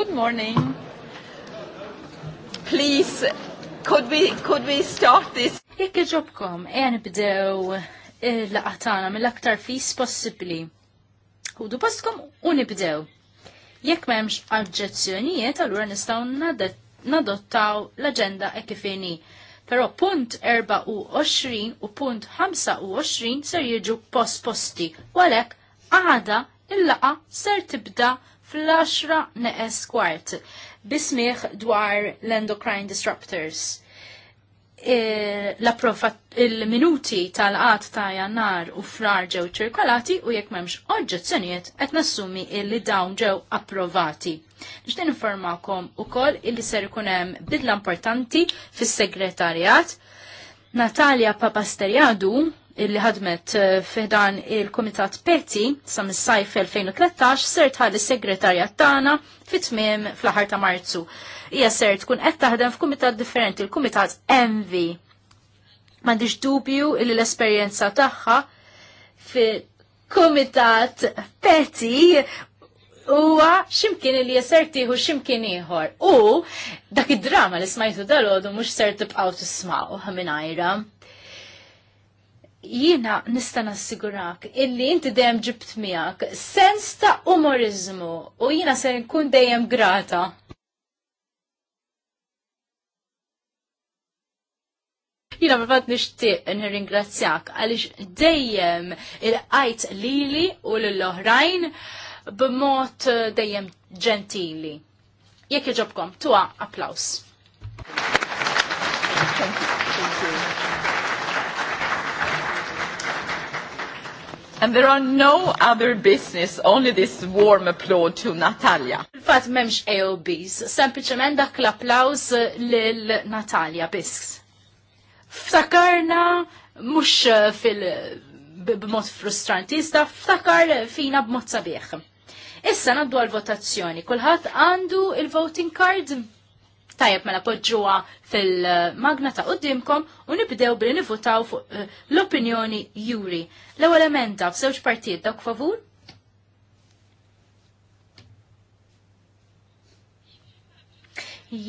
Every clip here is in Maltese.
Good morning. Please, could we, could we start this? Jekk iġobkom, eja nibdew eh, laqatana mill-aktar fis possibli. Hudu postkom u nibdew. Jekk m'hemmx oġġezzjonijiet, allura nistgħu nadottaw l-aġenda e kifini. Però punt 24 u punt 25 ser jiġu post-posti, u għalhekk għada il-laqa ser tibda' fl-10 neqes kwart bismiħ dwar l-endocrine disruptors. E, il-minuti tal-qat ta' jannar u frar ġew ċirkolati u jekk memx oġġezzjonijiet qed nassumi illi dawn ġew approvati. Nixtieq informakom ukoll illi ser ikun hemm bidla importanti fis-segretarjat Natalia Papasteriadu illi ħadmet eh, fiħdan il-Komitat Peti sa mis-sajf 2013 sert tħalli segretarja tagħna fit-tmiem fl-aħar ta' Marzu. Hija ser tkun qed taħdem f'kumitat differenti, il-Kumitat Envi. M'għandix dubju illi l-esperjenza tagħha fil-Kumitat Peti huwa ximkien li jeser tieħu ximkien ieħor. U dak id-drama li smajtu dal-għodu mhux ser tibqgħu tismgħu minn ajra jiena nista' nassigurak illi inti dejjem ġibt miegħek sens ta' umorizmu u jiena se nkun dejjem grata. Jina mbatt nishtiq nir-ringrazzjak għalix dejjem il-qajt lili u l-oħrajn b'mod dejjem ġentili. Jekk iġobkom, tuwa applaus. Thank you. And there are no other business, only this warm applaud to Natalia. Fat memx AOBs, sempliciment dak l-applaus lil Natalia biss. Ftakarna mux eh, fil b'mod frustranti, iżda ftakar fina b'mod sabiħ. Issa naddu għal-votazzjoni, kulħadd għandu il-voting card? Tajjeb mela poġġuha fil-magna ta' qudiemkom u nibdew billi nivutaw fuq eh, l-opinjoni juri. L-ewwel emenda f'żewġ partijiet dawk favur?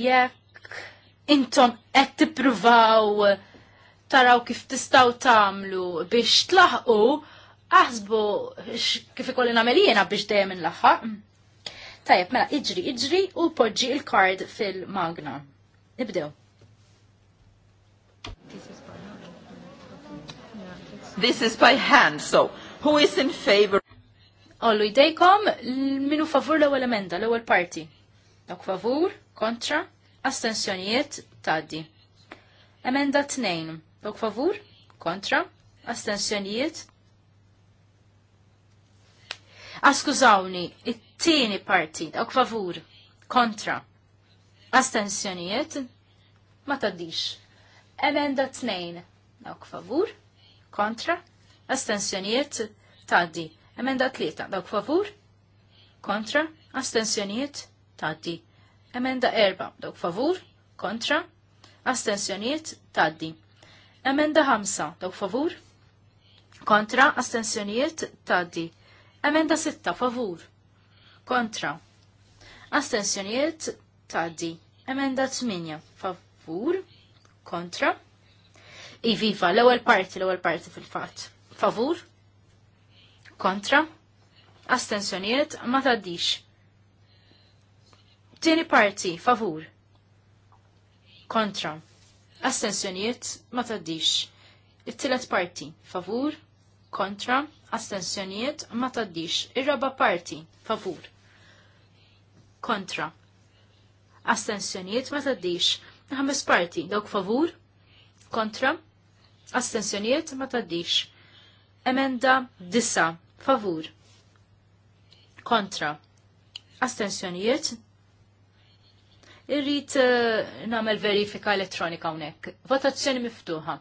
Jekk intom qed tippruvaw taraw kif tistaw tagħmlu biex tlaħqu aħsbu kif ikolli nagħmel jiena biex dejjem inlaħħaq. Tajab, mela, iġri, iġri u podġi il-kard fil-magna. Nibdew. This is by hand, so who is in favor? Ollu jdejkom minu favur l ewwel emenda, l ewwel parti. Dak favur, kontra, astensjonijiet, taddi. Emenda 2. Dok favur, kontra, astensjonijiet. Askużawni, ah, it Tieni parti, dawk favur, kontra, astensjonijiet, ma taddix. Emenda tnejn, dawk favur, kontra, astensjonijiet, taddi. Emenda tlieta, dawk favur, kontra, astensjonijiet, taddi. Emenda erba, dawk favur, kontra, astensjonijiet, taddi. Emenda ħamsa, dawk favur, kontra, astensjonijiet, taddi. Emenda sitta, favur, kontra. Astensjonijiet taddi. Emenda 8 favur kontra. Iviva, l-ewwel parti, l-ewwel parti fil-fatt. Favur? Kontra? Astensjonijiet ma taddix. Tieni parti, favur. Kontra. Astensjonijiet ma taddix. It-tielet parti, favur kontra, astensjonijiet ma taddix. Ir-raba parti, favur, kontra, astensjonijiet ma taddix. Ħames parti, dawk favur, kontra, astensjonijiet ma taddix. Emenda disa, favur, kontra, astensjonijiet irrit uh, namel verifika elettronika unek. Votazzjoni miftuħa.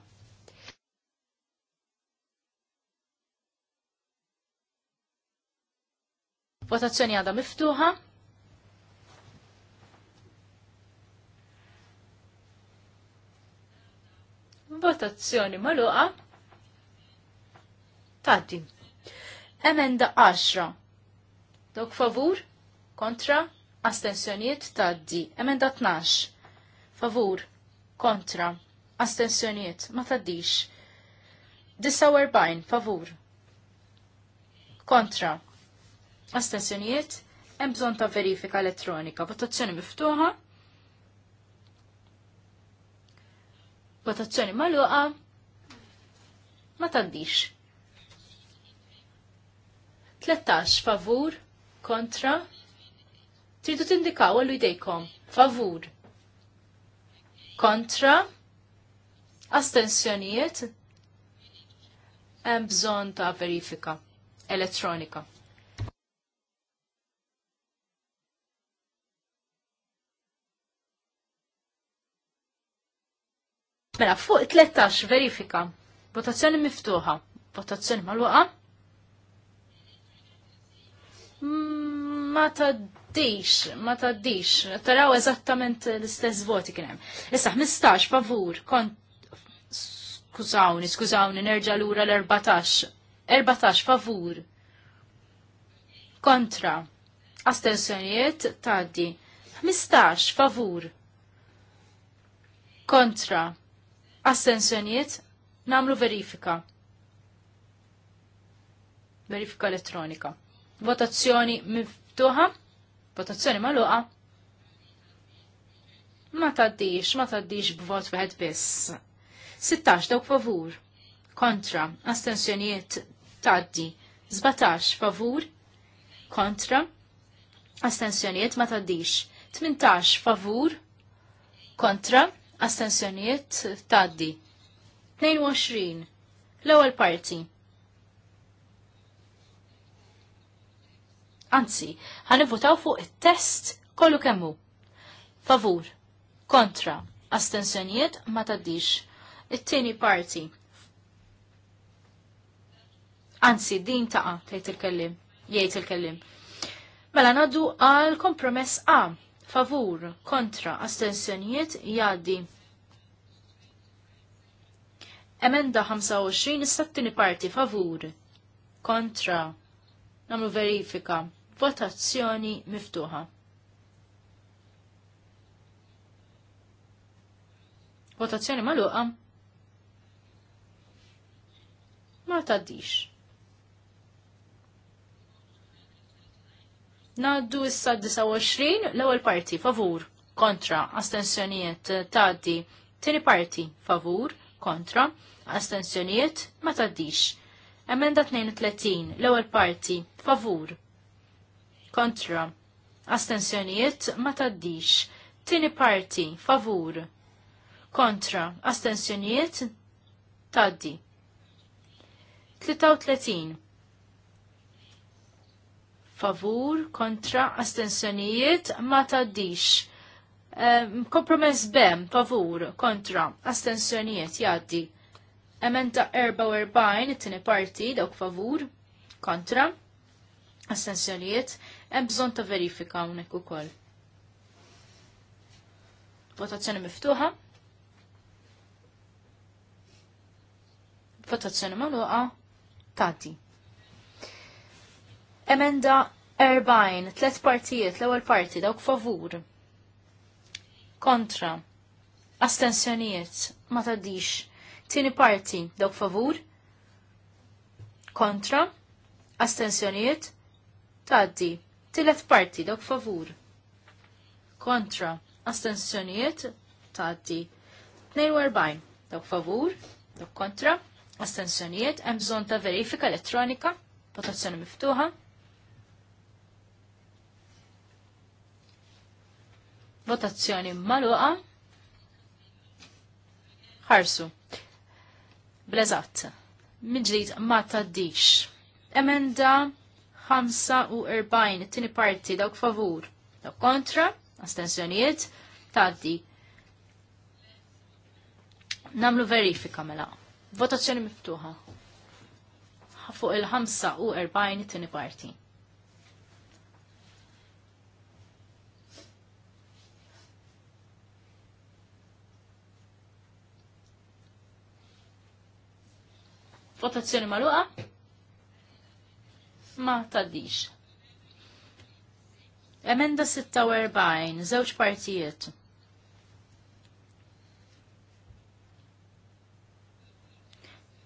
Votazzjoni għadha miftuħa. Votazzjoni maluqa. Taddi. Emenda 10. Dok favur, kontra, astensjoniet taddi. Emenda 12. Favur, kontra, astensjoniet ma taddix. 49 favur. Kontra astensjonijiet, jemżon bżonn ta' verifika elettronika, votazzjoni miftuħa, votazzjoni magħluqa, ma taddix. 13 favur kontra tridu tindikaw għallu jdejkom favur kontra astensjonijiet hemm bżonn ta' verifika elettronika. Mela, fuq 13 verifika. Votazzjoni miftuħa. Votazzjoni mal-waqa. Mm, ma taddix, ma taddix. Taraw eżattament l-istess voti kienem. Issa, 15 favur, kont. Skużawni, skużawni, nerġa lura l-14. 14 favur. Kontra. Astensjonijiet taddi. 15 favur. Kontra Assenzjoniet, namlu verifika. Verifika elettronika. Votazzjoni miftuħa, votazzjoni maluqa. Ma taddix, ma taddix b'vot wieħed biss. 16 dawk favur. Kontra, astensjonijiet taddi. 17 favur. Kontra, astensjonijiet ma taddix. 18 favur. Kontra, astensjonijiet taddi. 22. L-ewwel parti. Anzi, ħanivvotaw fuq it-test kollu kemmu. Favur, kontra, astensjonijiet ma taddix. It-tieni parti. Anzi, din taqa' tgħid il-kellim, jgħid il-kellim. Mela ngħaddu għal kompromess A favur kontra astensjonijiet jaddi. Emenda 25 is-sattini parti favur kontra namlu verifika votazzjoni miftuħa. Votazzjoni maluqa ma taddix. Naddu issa 29 l-ewwel parti favur kontra astensjonijiet eh, taddi. Tieni parti favur kontra astensjonijiet ma taddix. Emenda 32 l-ewwel parti favur kontra astensjonijiet ma taddix. Tieni parti favur kontra astensjonijiet taddi. 33 favur kontra astensjonijiet ma taddix. kompromess bem, favur, kontra, astensjonijiet, jaddi. Emenda 44, it-tini parti, dawk favur, kontra, astensjonijiet, hemm bżonn ta' verifika hawnhekk ukoll. Votazzjoni miftuħa. Votazzjoni magħluqa tagħti. Emenda 40, tlet partijiet, l-ewwel parti dawk favur. Kontra. Astensjonijiet, ma taddix. Tieni parti dawk favur. Kontra. Astensjonijiet, taddi. Tilet parti dawk favur. Kontra. Astensjonijiet, taddi. 42 dawk favur, dawk kontra. Astensjonijiet, hemm bżonn ta' verifika elettronika, votazzjoni miftuħa. Votazzjoni maluqa. Ħarsu. Blezat. Minġrid ma taddix. Emenda 45, it-tini parti, dawk favur. Dawk kontra, astenzjonijiet taddi. Namlu verifika mela. Votazzjoni miftuħa. Fuq il-45 it-tini parti. Votazzjoni maluqa? Ma taddix. Emenda 46, żewġ partijiet.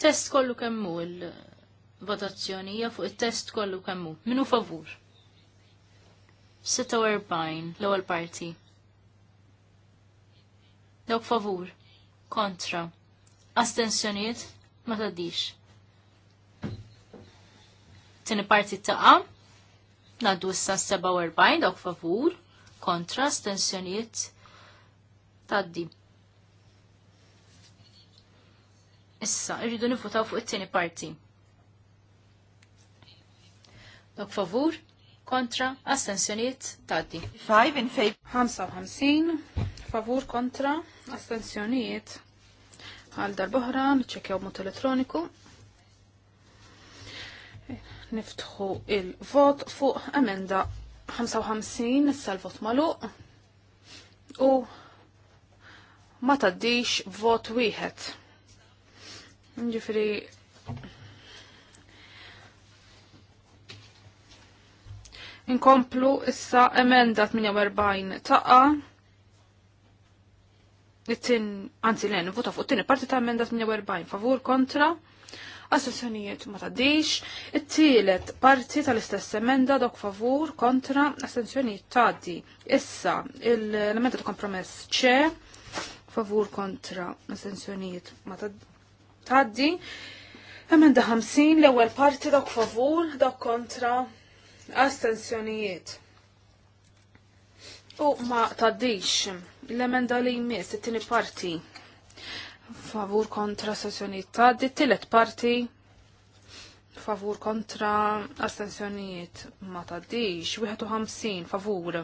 Test kollu kemmu il-votazzjoni hija fuq it-test kollu kemmu. Minu favur? 46, l-ewwel parti. Dawk favur. Kontra. Astensjonijiet ma taddix. Tini parti taqa, naddu issa 47 dawk favur, kontra stensjoniet taddi. Issa, irridu nifutaw fuq it-tieni parti. Dok favur, kontra, astensjoniet, taddi. 5 in favor. 55, favur, kontra, astensjoniet. Għal darbohra, nċekjaw mot elettroniku niftħu il-vot fuq emenda 55 nissa l-vot maluq u ma taddix vot wieħed. Ġifri Inkomplu issa emenda 48 taqa it-tin, anzi l-en, vota fuq it-tini parti ta' emenda 48, favur kontra, assessjonijiet ma taddix, it-tielet parti tal-istess emenda dok favur kontra assenzjonijiet tadi. Issa, l-emenda ta' kompromess ċe, favur kontra assenzjonijiet ma tadi, emenda 50 l-ewwel parti dok favur dok kontra assessjonijiet. U ma taddix l-emenda li jmiss it-tieni parti favur kontra sessjonijiet taddi, tillet parti favur kontra astensjonijiet ma taddix, 51 favur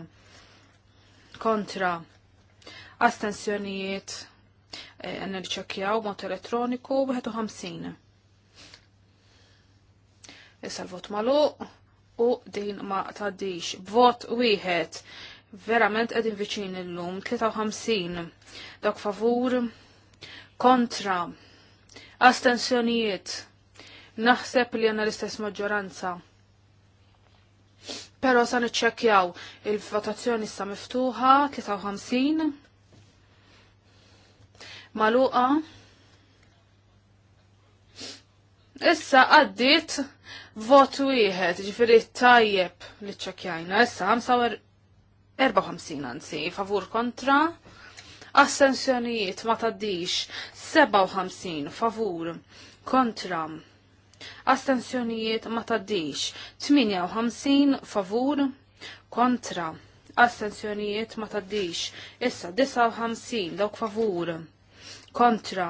kontra astensjonijiet eh, nerċekjaw mod elettroniku 51. Issa l-vot malu u din ma taddix. Vot wieħed verament qegħdin viċin l-lum, 53 dak favur kontra, astensjonijiet, naħseb li għanna l-istess maġġoranza. Pero sa iċċekjaw il-votazzjoni sa miftuħa 53 maluqa Issa għaddit vot wieħed, ġifiri tajjeb li ċekjajna. issa 54 er-, anzi, favur kontra, assenzjonijiet ma taddix 57 favur kontra Assenzjonijiet ma taddix 58 favur kontra Assenzjonijiet ma taddix issa 59 dawk favur kontra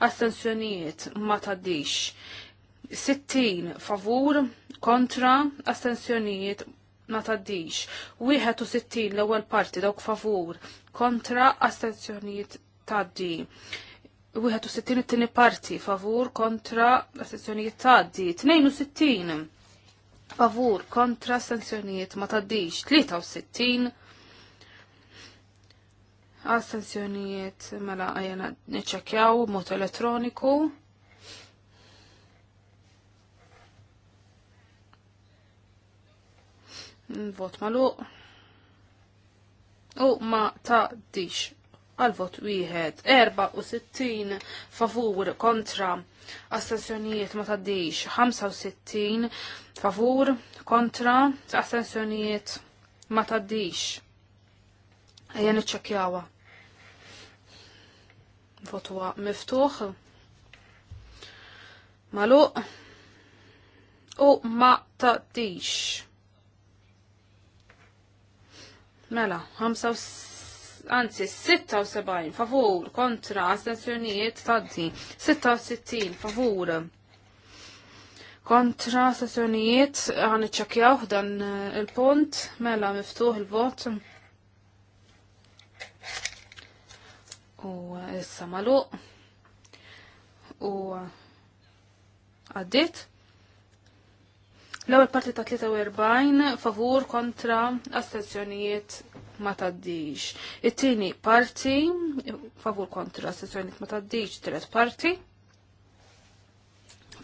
Assenzjonijiet ma taddix 60 favur kontra Astensjonijiet ma taddix. 61 l-ewwel parti dawk favur kontra Wieħed taddi. 61 it-tieni parti favur kontra Tnejn taddi. 62 favur kontra astenzjonijiet ma taddix. 63 astenzjonijiet mela għajna neċekjaw mod elettroniku. Vot maluq. U ma ta' dix. Għal-vot wieħed 64 favur kontra astensjonijiet ma taddix 65 favur kontra astensjonijiet ma taddix. Ejja niċċekjawa. Vot huwa miftuħ. Maluq u ma dix Mela, 5 anzi 76 favur kontra astensjonijiet taddi 66 favur kontra astensjonijiet għan iċċakjaw dan eh, il-punt mela miftuħ il-vot u eh, issa malu. u eh, għaddit L-ewwel parti ta' 43 favur kontra astenzjonijiet ma taddix. It-tieni parti favur kontra astenzjonijiet ma taddix, tret parti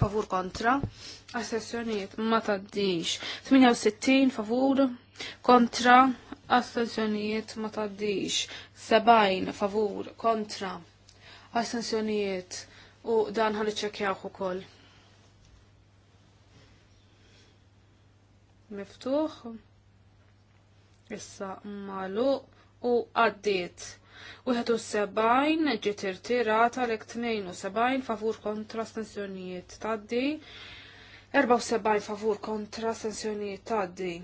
favur kontra astenzjonijiet ma taddix. 68 favur kontra astenzjonijiet ma taddix. 70 favur kontra astenzjonijiet u dan ħalli ċekjaw ukoll. miftuħ issa magħluq u għaddiet. Wieħed u ħetu ġiet irtirata lek tnejn u 72 favur kontra stensjonijiet taddi. 74 favur kontra stensjonijiet taddi.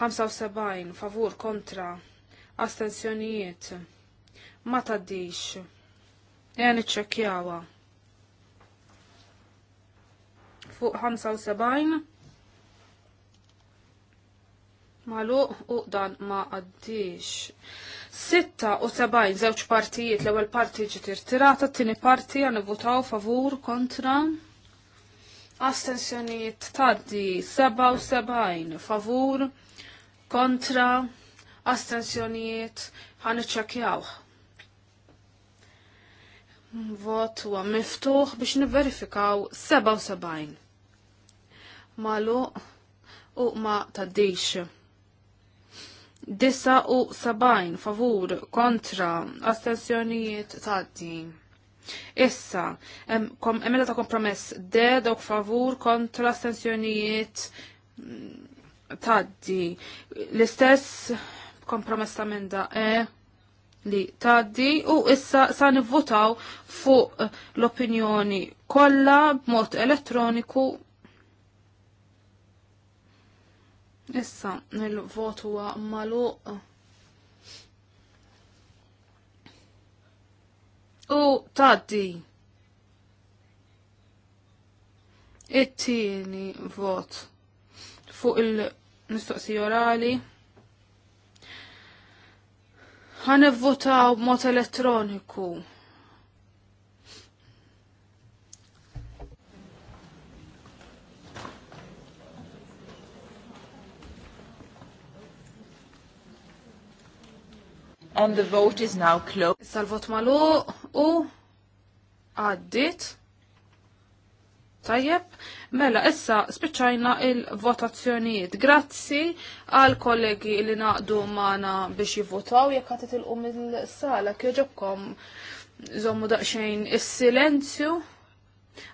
75 favur kontra astensjonijiet ma taddix. Jan niċċekkjawha. Fuq 75 Maluq u dan ma għaddix. seba'jn żewġ partijiet l-ewwel parti ġitir tirata t-tieni parti għan votaw favur kontra astensjonijiet taddi 77 favur kontra astensjoniet għan iċċekjaw. Vot huwa miftuħ biex niverifikaw 77. Maluq u ma taddix. Disa u sabajn favur kontra astensjonijiet tati. Issa, emmela ta' kompromess de dok favur kontra astensjonijiet mm, taddi. L-istess kompromess ta' emenda e li taddi u issa sa' nivvotaw fuq l-opinjoni kolla b'mod elettroniku Issa, il-vot huwa maluq. U taddi. It-tieni vot fuq il-mistoqsija orali ħan votaw b'mod elettroniku. And the vote is now closed. Issa l-vot malu u għaddit. Tajjeb, mela issa spiċċajna il-votazzjonijiet. Grazzi għal kollegi li naqdu mana biex jivvotaw jekk għatet tilqu mill sala kieġobkom zommu daqxejn is-silenzju.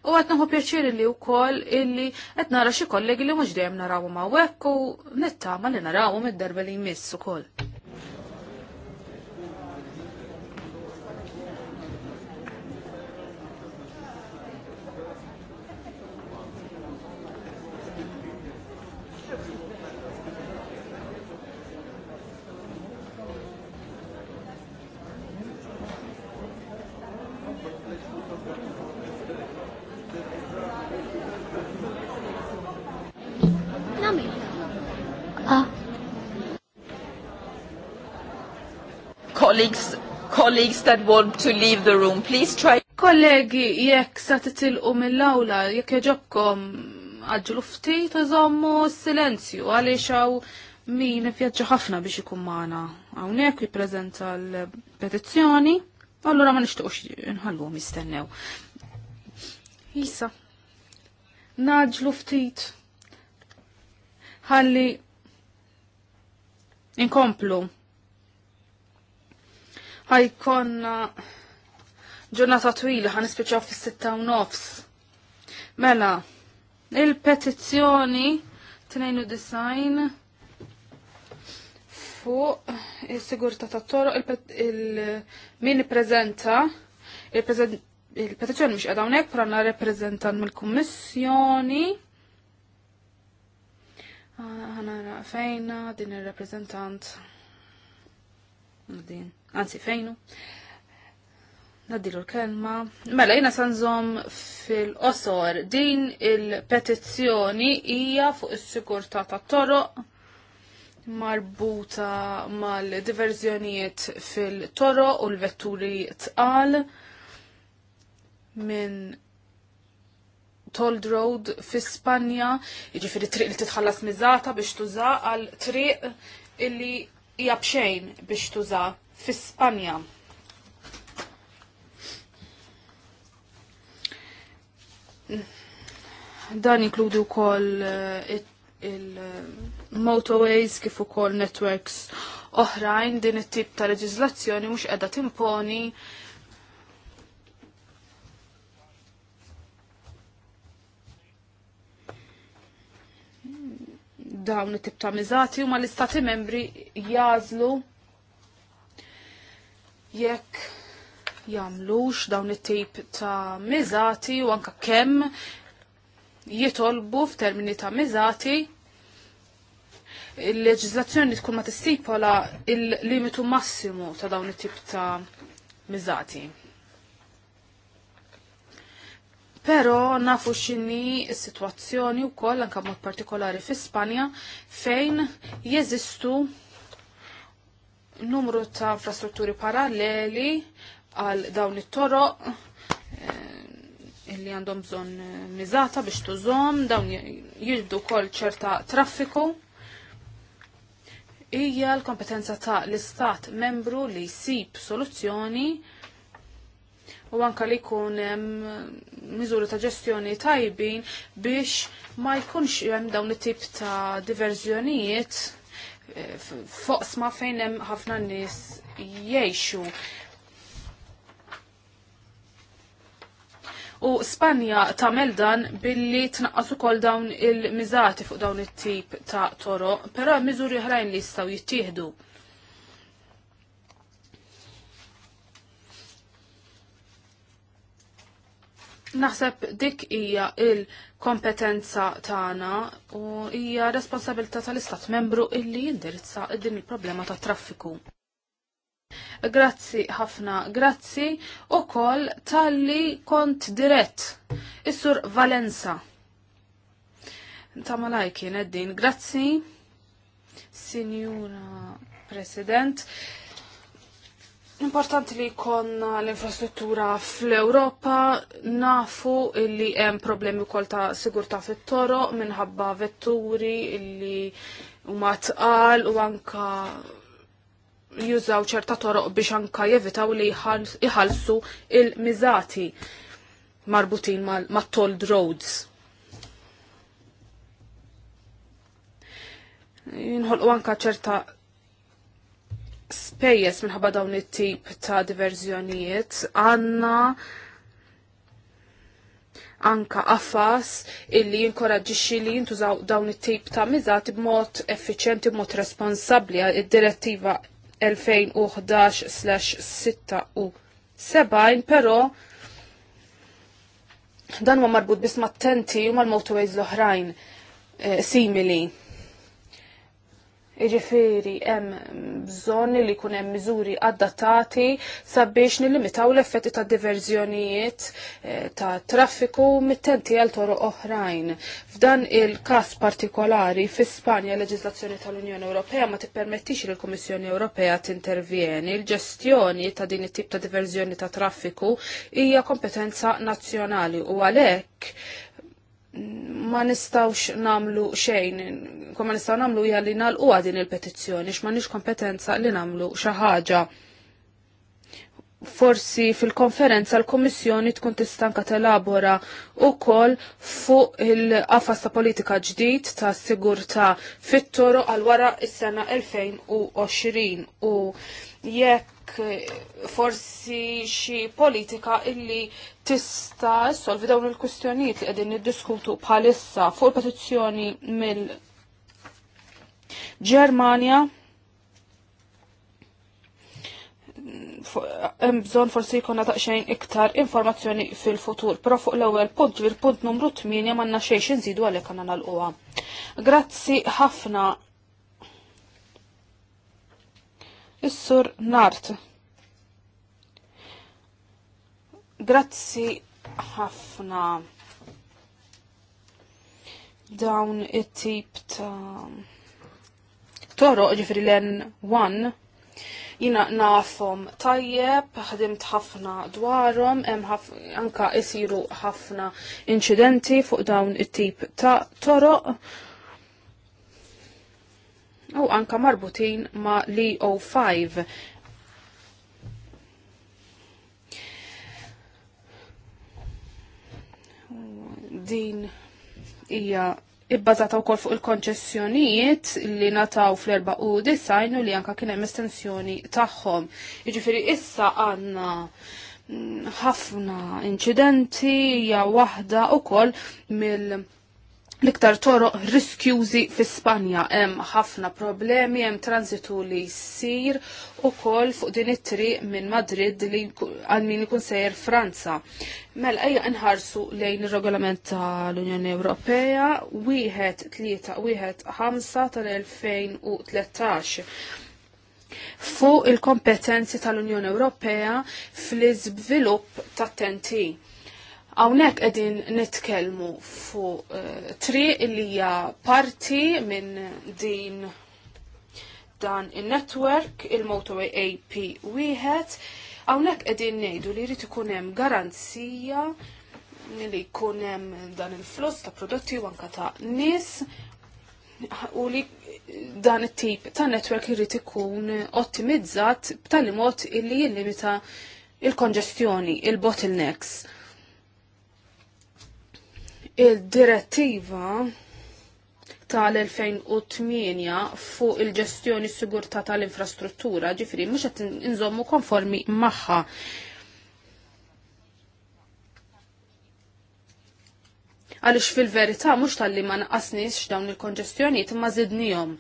U għet naħu pjaċiri li u koll illi għet nara xie kollegi li mux dejjem narawu ma' wekku nittama li narawu mid-darba li jmiss u koll. that want to leave the room, please try. Kollegi, jekk sa titilqu mill-awla, jekk jaġobkom għagġlu ftit iżommu silenzju għaliex hawn min ivvjaġġa ħafna biex ikun magħna. Hawnhekk jippreżenta l-petizzjoni, allura ma nixtiequx inħalluhom jistennew. Issa, naġlu ftit. Ħalli inkomplu ħajkonna ġurnata twila ħan ispiċaw fis sitta u nofs. Mela, il-petizzjoni design fuq il sigurta ta' toro il-min prezenta il-petizzjoni mhux qiegħda hawnhekk pranna rappreżentant mill-kummissjoni. Ħana fejna din ir-rappreżentant. Din anzi fejnu. Naddilu l-kelma. Mela, jina sanżom fil-qosor. Din il-petizzjoni hija fuq is-sigurtà ta' toroq marbuta mal-diverżjonijiet fil-toroq u l-vetturi tqal minn Told Road fi Spanja, jiġifieri triq li titħallas miżata biex tuża għal triq illi hija bxejn biex tuża fi Spanja. Dan inkludu kol eh, il-motorways eh, kif ukoll networks oħrajn din it-tip ta' leġiżlazzjoni mhux qiegħda timponi dawn it-tip ta' miżati huma l-istati membri jażlu jekk jamlux dawn it-tip ta' miżati u anka kemm jitolbu f'termini ta' miżati il-leġizlazzjoni tkun ma tistipola il-limitu massimu ta' dawn it-tip ta' miżati. Pero nafu xini situazzjoni u koll anka mod partikolari fi Spanja fejn jeżistu numru ta' infrastrutturi paralleli għal dawn it-toroq eh, illi għandhom bżon eh, miżata biex tużom, dawn jibdu kol ċerta traffiku. Ija l-kompetenza ta' l-istat membru li jisib soluzzjoni u anka li jkun miżuri ta' ġestjoni tajbin biex ma jkunx hemm dawn it-tip ta' diverżjonijiet foqsma fejn hemm ħafna nies jgħixu. U Spanja tagħmel dan billi tnaqqas ukoll dawn il-miżati fuq dawn it-tip ta' toro, però miżuri oħrajn li jistgħu jittieħdu. Naħseb dik hija il-kompetenza tagħna u hija responsabilità tal-Istat membru illi jindirizza din il-problema ta' traffiku. Grazzi ħafna, grazzi u koll tal-li kont dirett. Is-sur Valenza. Ta' malaj eddin, grazzi, Sinjura President. Importanti li kon l-infrastruttura fl-Europa nafu li hemm problemi wkoll ta' sigurtà fit-toro minħabba vetturi li huma tqal u anka jużaw ċerta toroq biex anka jevitaw li jħallsu il-miżati marbutin mat-toll roads. Jinħolqu anka ċerta pejjes minħabba dawn it-tip ta' diverżjonijiet għanna anka affas illi jinkoraġġixxi li jintużaw dawn it-tip ta' miżat b'mod effiċjenti b'mod responsabbli id-direttiva 2011/6 u 7 però dan huwa marbut biss mat-tenti u mal-motorways l-oħrajn eh, simili. Iġifiri, hemm bżonn li jkun hemm miżuri adattati sabiex nilimitaw l-effetti ta' diverżjonijiet eh, ta' traffiku mittenti għal toru oħrajn. F'dan il-każ partikolari fi Spanja l-leġiżlazzjoni tal-Unjoni Ewropea ma tippermettix li l-Kummissjoni Ewropea tintervjeni. Il-ġestjoni ta' din it-tip ta' diverżjoni ta' traffiku hija kompetenza nazzjonali u għalhekk ma nistawx namlu xejn, ma nistaw namlu hija li nalquha din il-petizzjoni ma nix kompetenza li namlu xi ħaġa. Forsi fil-konferenza l-Kommissjoni tkun tistanka telabora kol fuq il-qafas ta' politika ġdid ta' sigurta fit-toru għal wara is-sena 2020 u jekk forsi xi politika illi tista' solvi dawn il-kustjonijiet li qegħdin niddiskutu bħalissa fuq petizzjoni mill ġermania hemm bżonn forsi jkollna daqsxejn iktar informazzjoni fil-futur, però fuq l-ewwel punt, fil punt numru 8 m'għandna xejn inżidu nżidu għalhekk għandna nagħlquha. Grazzi ħafna Is-sur Nart. Grazzi ħafna dawn it-tip ta' toro ġifri l-N1 jina nafom tajjeb, ħadimt ħafna dwarom, anka isiru ħafna incidenti fuq dawn it-tip ta' toroq u anka marbutin ma l-O5 din hija ibbażata wkoll fuq il-konċessjonijiet li nataw fl-erba u disajnu u li anka kien hemm estensjoni tagħhom. Jiġifieri issa għandna mm, ħafna inċidenti hija waħda wkoll mill- l-iktar toroq riskjużi fi Spanja. Hemm ħafna problemi, hemm transitu li jsir ukoll fuq din it-triq minn Madrid li għal min ikun sejjer Franza. Mela ejja nħarsu lejn ir-regolament tal-Unjoni Ewropea wieħed tlieta wieħed ħamsa tal-2013 fuq il-kompetenzi tal-Unjoni Ewropea fl-iżvilupp tat-TNT Hawnhekk qegħdin nitkellmu fuq uh, tri li hija parti minn din dan in-network il motorway AP wieħed. Hawnhekk qegħdin ngħidu li jrid ikun hemm garanzija li jkun hemm dan il-fluss ta' prodotti u anka ta' nies u li dan it-tip ta' network jrid ikun ottimizzat b'tali mod illi jillimita il-konġestjoni, il-bottlenecks. il konġestjoni il bottlenecks il il bottlenecks Il-direttiva tal-2008 fuq il-ġestjoni sigurta tal-infrastruttura, ġifri, mux għat inżommu konformi maħħa. Għalix fil-verità mux tal-li ma naqasnix dawn il-konġestjoni, ma zidnijom.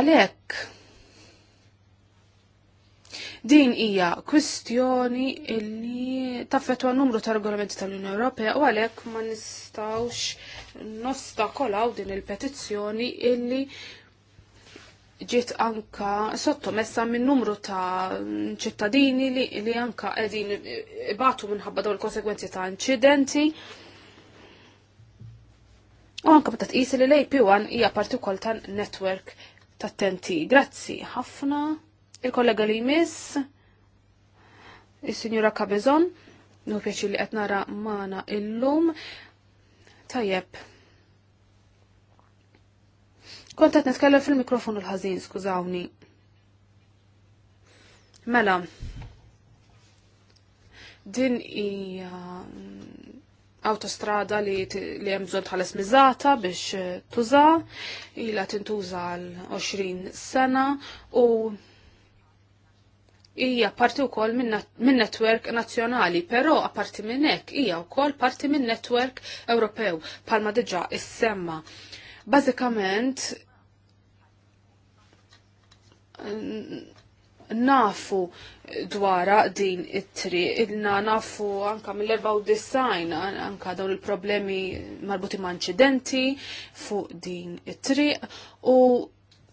Għalek, Din hija kwistjoni illi taffetwa numru ta' regolamenti tal-Unjoni Ewropea u għalhekk ma nistgħux nostakolaw din il-petizzjoni illi ġiet anka sottomessa minn numru ta' ċittadini li, li anka edin ibatu minħabba dawn il-konsekwenzi ta' incidenti. U anka bat tqis li l-AP1 hija partikol ta' network ta' tenti. Grazzi ħafna. Il-kollega li jmiss, il-Sinjura Kabezon, nu pieċi li qed nara il illum. Tajjeb. Kont qed nitkellem fil-mikrofonu l-ħażin, skużawni. Mela, din hija mm, autostrada li, li hemm bżonn tħalles miżata biex eh, tuża, ilha tintuża l 20 sena u hija parti wkoll minn netwerk nazzjonali, però apparti minn hekk hija wkoll parti minn netwerk Ewropew palma diġà issemma. Bażikament nafu dwara din it-tri, ilna nafu anka mill-94 anka dawn il-problemi marbuti ma' incidenti fuq din it-tri u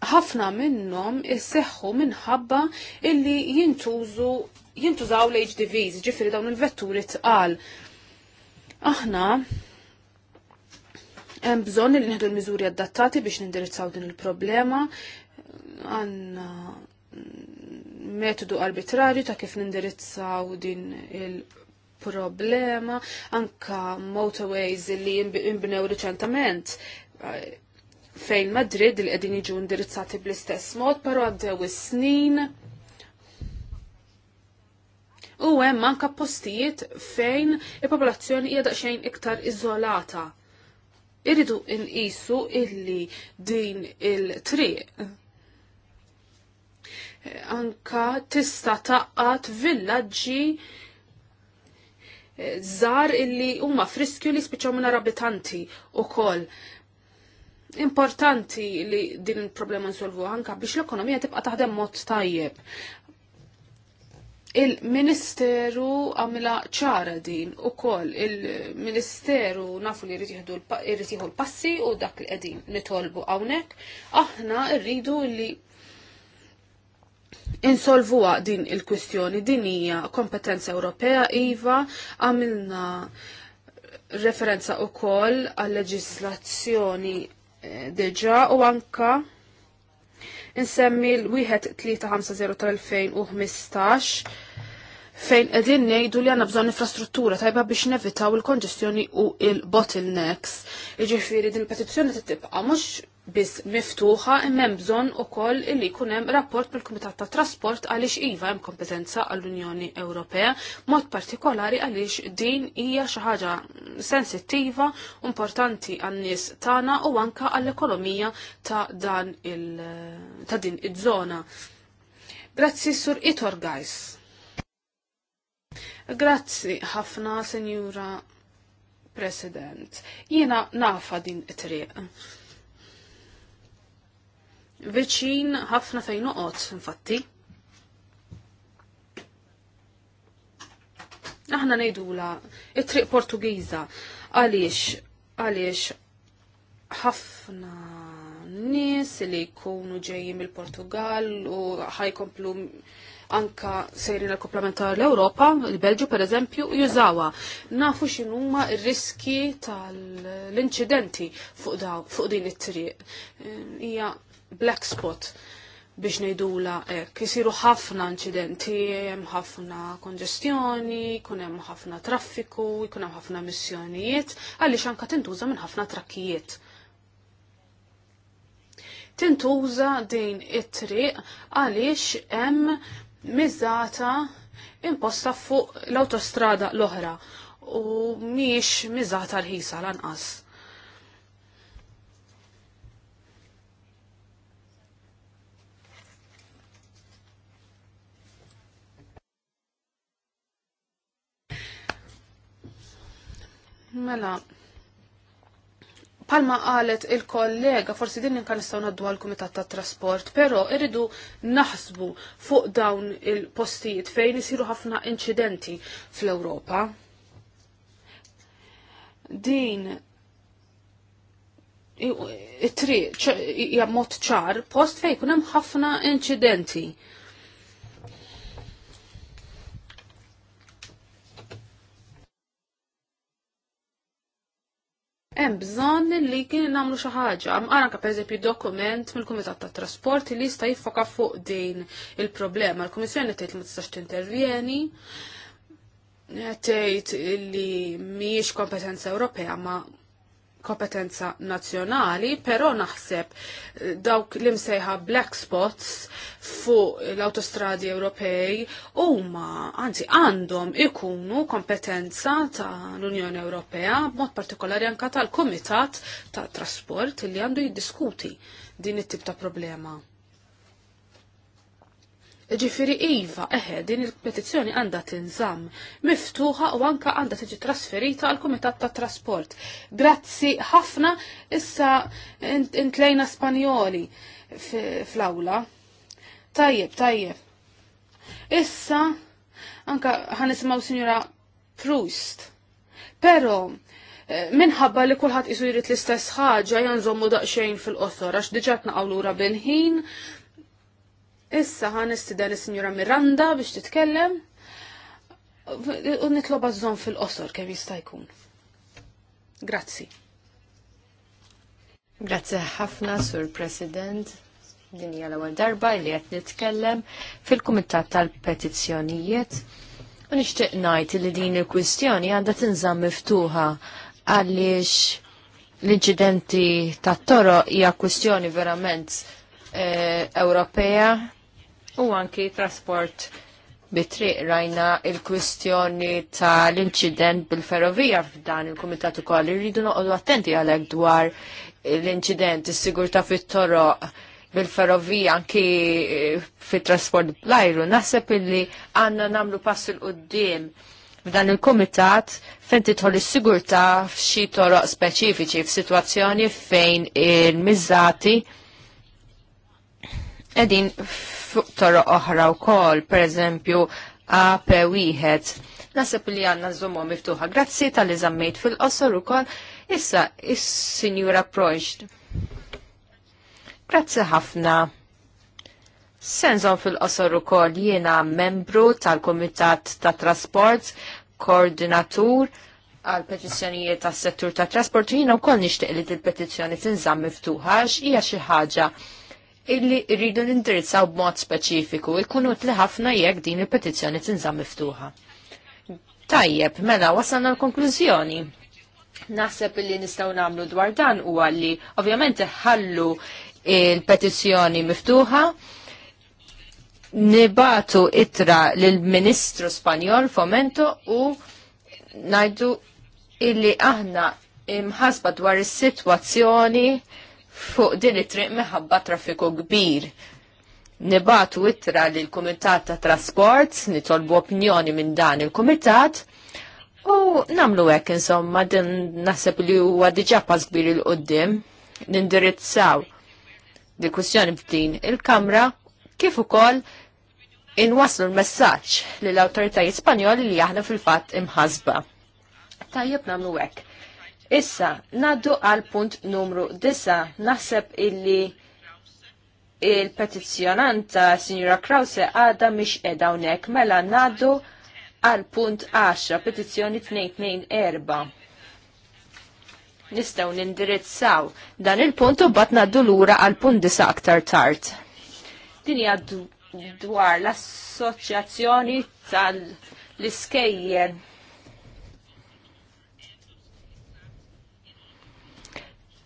ħafna minnhom isseħħu minħabba illi jintużu jintużaw l-HDVs, ġifiri dawn il-vetturi tqal. Aħna hemm bżonn li nieħdu l-miżuri adattati biex nindirizzaw din il-problema għandna metodu arbitrarju ta' kif nindirizzaw din il-problema anka motorways li jinbnew riċentament fejn Madrid li qegħdin jiġu indirizzati bl-istess mod, però għaddew is-snin. U hemm anke postijiet fejn il-popolazzjoni hija daqsxejn iktar iżolata. iridu nqisu illi din il-triq eh, anka tista taqqat villaġġi zar eh, illi huma friskju li spiċċaw minn arabitanti ukoll. Importanti li din il-problema nsolvu anka biex l-ekonomija tibqa' taħdem mod tajjeb. Il-Ministeru għamila ċara din u koll il-Ministeru nafu li jrid jieħu l-passi u dak li qegħdin nitolbu hawnhekk, aħna rridu li insolvuha din il-kwistjoni din hija kompetenza Ewropea iva għamilna referenza u koll għal leġislazzjoni deġa u anka insemmi l wihet tal-2015 fejn edin nejdu li għanna bżon infrastruttura tajba biex nevitaw il-konġestjoni u il-bottlenecks. Iġifiri din il-petizzjoni t-tibqa mux biss miftuħa imma hemm bżonn ukoll illi jkun hemm rapport mill-Kumitat ta' Trasport għaliex iva hemm kompetenza għall-Unjoni Ewropea, mod partikolari għaliex din hija xi ħaġa sensittiva, importanti għan-nies tagħna u anka għall-ekonomija ta' dan il ta' din id żona Grazzi sur Itor Gajs. Grazzi ħafna, Senjura President. Jiena nafa din it-triq viċin ħafna fejn noqgħod infatti. Aħna ngħidula it-triq Portugiża għaliex għaliex ħafna nies li jkunu ġejjin mill-Portugal u ħajkomplu anka sejrin l-komplementar l-Europa, il-Belġu per eżempju, jużawa. Nafu x'inhuma r-riski tal-inċidenti fuq, fuq din it-triq. Hija black spot biex nejdula ek. Jisiru ħafna incidenti, ħafna konġestjoni, kunem hemm ħafna traffiku, kunem hemm ħafna missjonijiet, għaliex xanka tintuża minn ħafna trakkijiet. Tintuża din it-triq għaliex hemm miżata imposta fuq l-autostrada l-oħra u miex miżata rħisa lanqas. Mela, palma qalet il-kollega, forsi din kan nistgħu naddu għall-Kumitat tat Trasport, però irridu naħsbu fuq dawn il-postijiet fejn isiru ħafna inċidenti fl-Ewropa. Din it-triq hija mod ċar post fejn kunem hemm ħafna inċidenti. hemm bżonn li kien nagħmlu xi ħaġa. Anke pereżempju dokument mill-Kumitat tat Trasporti li jista' jiffoka fuq din il-problema. L-Kummissjoni tgħid ma tistax tintervjeni. Tgħid li mhijiex kompetenza Ewropea ma kompetenza nazzjonali, però naħseb eh, dawk li msejħa black spots fuq l-autostradi Ewropej huma anzi għandhom ikunu kompetenza ta' l-Unjoni Ewropea, b'mod partikolari anka tal-Kumitat ta' Trasport li għandu jiddiskuti din it-tip ta' problema. Ġifiri Iva, eħe, din il-petizzjoni għanda tinżam, miftuħa u anka għanda tiġi trasferita għal Kumitat ta' Trasport. Grazzi ħafna issa intlejna Spanjoli fl-awla. Tajjeb, tajjeb. Issa, anka ħanismaw Sinjura Proust. Pero, eh, minħabba li kulħadd isu jrid l-istess ħaġa janżommu daqsxejn fil-qosor għax diġà tnaqgħu lura bil-ħin Issa ħan istiden is-Sinjura Miranda biex titkellem u nitloba żon fil-qosor kemm jista' jkun. Grazzi. Grazzi ħafna, Sur President din hija l-ewwel darba li qed nitkellem fil-Kumitat tal-Petizzjonijiet u nixtieq ngħid li din il-kwistjoni għandha tinżamm miftuħa għaliex l-inċidenti tat-toro hija kwistjoni verament eh, Ewropea u anki trasport bitriq rajna il-kwistjoni ta' l-inċident bil-ferrovija f'dan il-Kumitat ukoll irridu noqogħdu attenti għalhekk dwar l-inċident is-sigurtà fit-toroq bil-ferrovija anki eh, fit-trasport bl-ajru. Naħseb illi għandna nagħmlu pass il qudiem f'dan il-Kumitat fejn titħol is-sigurtà f'xi toroq speċifiċi f'sitwazzjoni fejn il-miżati qegħdin fuq toroq oħra wkoll, pereżempju AP wieħed. Nasib li għanna żommu miftuħa. Grazzi tal-li żammejt fil-qosor ukoll. Issa, is-Sinjura Proġd. Grazzi ħafna. Senżon fil-qosor ukoll jiena membru tal-Kumitat ta' Trasport, koordinatur għal petizzjonijiet tas settur ta' trasport jiena wkoll nixtieq li il petizzjoni tinżamm miftuħa x'hija xi ħaġa ħa illi rridu nindirizzaw b'mod speċifiku jkunu tli ħafna jekk din il-petizzjoni tinżam miftuħa. Tajjeb, mela wasalna l-konklużjoni. Naħseb illi nistgħu nagħmlu dwar dan huwa li ovvjament ħallu il-petizzjoni miftuħa nibatu itra lill-Ministru Spanjol Fomento u najdu illi aħna imħasba dwar is-sitwazzjoni fuq din it-triq meħabba traffiku kbir. Nibatu ittra li l-Kumitat ta' Trasport, nitolbu opinjoni minn dan il-Kumitat, u namlu hekk insomma din naħseb li huwa diġà pas kbir il qoddim nindirizzaw dikussjoni kwistjoni b'din il-Kamra kif ukoll inwaslu l-messaġġ lill awtoritajiet Spanjoli li aħna fil-fatt imħasba. Tajjeb namlu hekk. Issa, naddu għal punt numru 9. Naħseb illi il-petizjonanta Signora Krause għada mish edha unek mela naddu għal punt 10 petizjoni 224. Nistaw nindirizzaw dan il-punt u bat naddu l-ura għal punt disa aktar tard. Din għaddu dwar l-assoċjazzjoni tal-iskejjen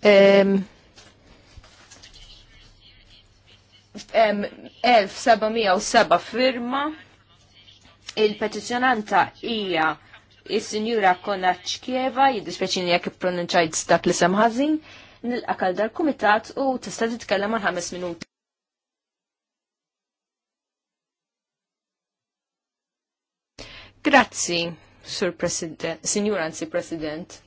1707 firma il-petizjonanta hija il-Sinjura Konaċkieva, jiddispeċini jekk pronunċajt dak li semħazin, nilqa' kal dal-kumitat u tista' titkellem għal ħames minuti. Grazzi, Sur President, anzi President.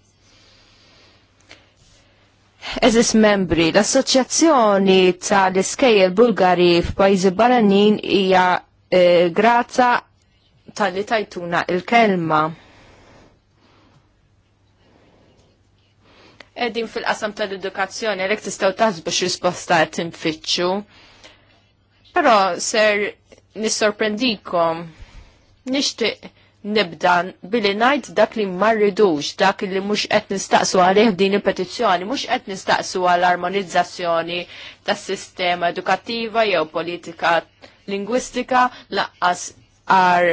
Eżis membri, l-Assoċjazzjoni tal-Iskejjel Bulgari f'pajjiżi barranin hija e, eh, grazza tal-li tajtuna il-kelma. Edin fil-qasam tal-edukazzjoni, għalek tistaw biex risposta għet tinfittxu. Pero ser nissorprendikom, nishtiq nibdan billi najt dak li marridux, dak li mux qed nistaqsu għalih din il-petizzjoni, mux qed nistaqsu għal armonizzazzjoni tas sistema edukattiva jew politika lingwistika laqqas għar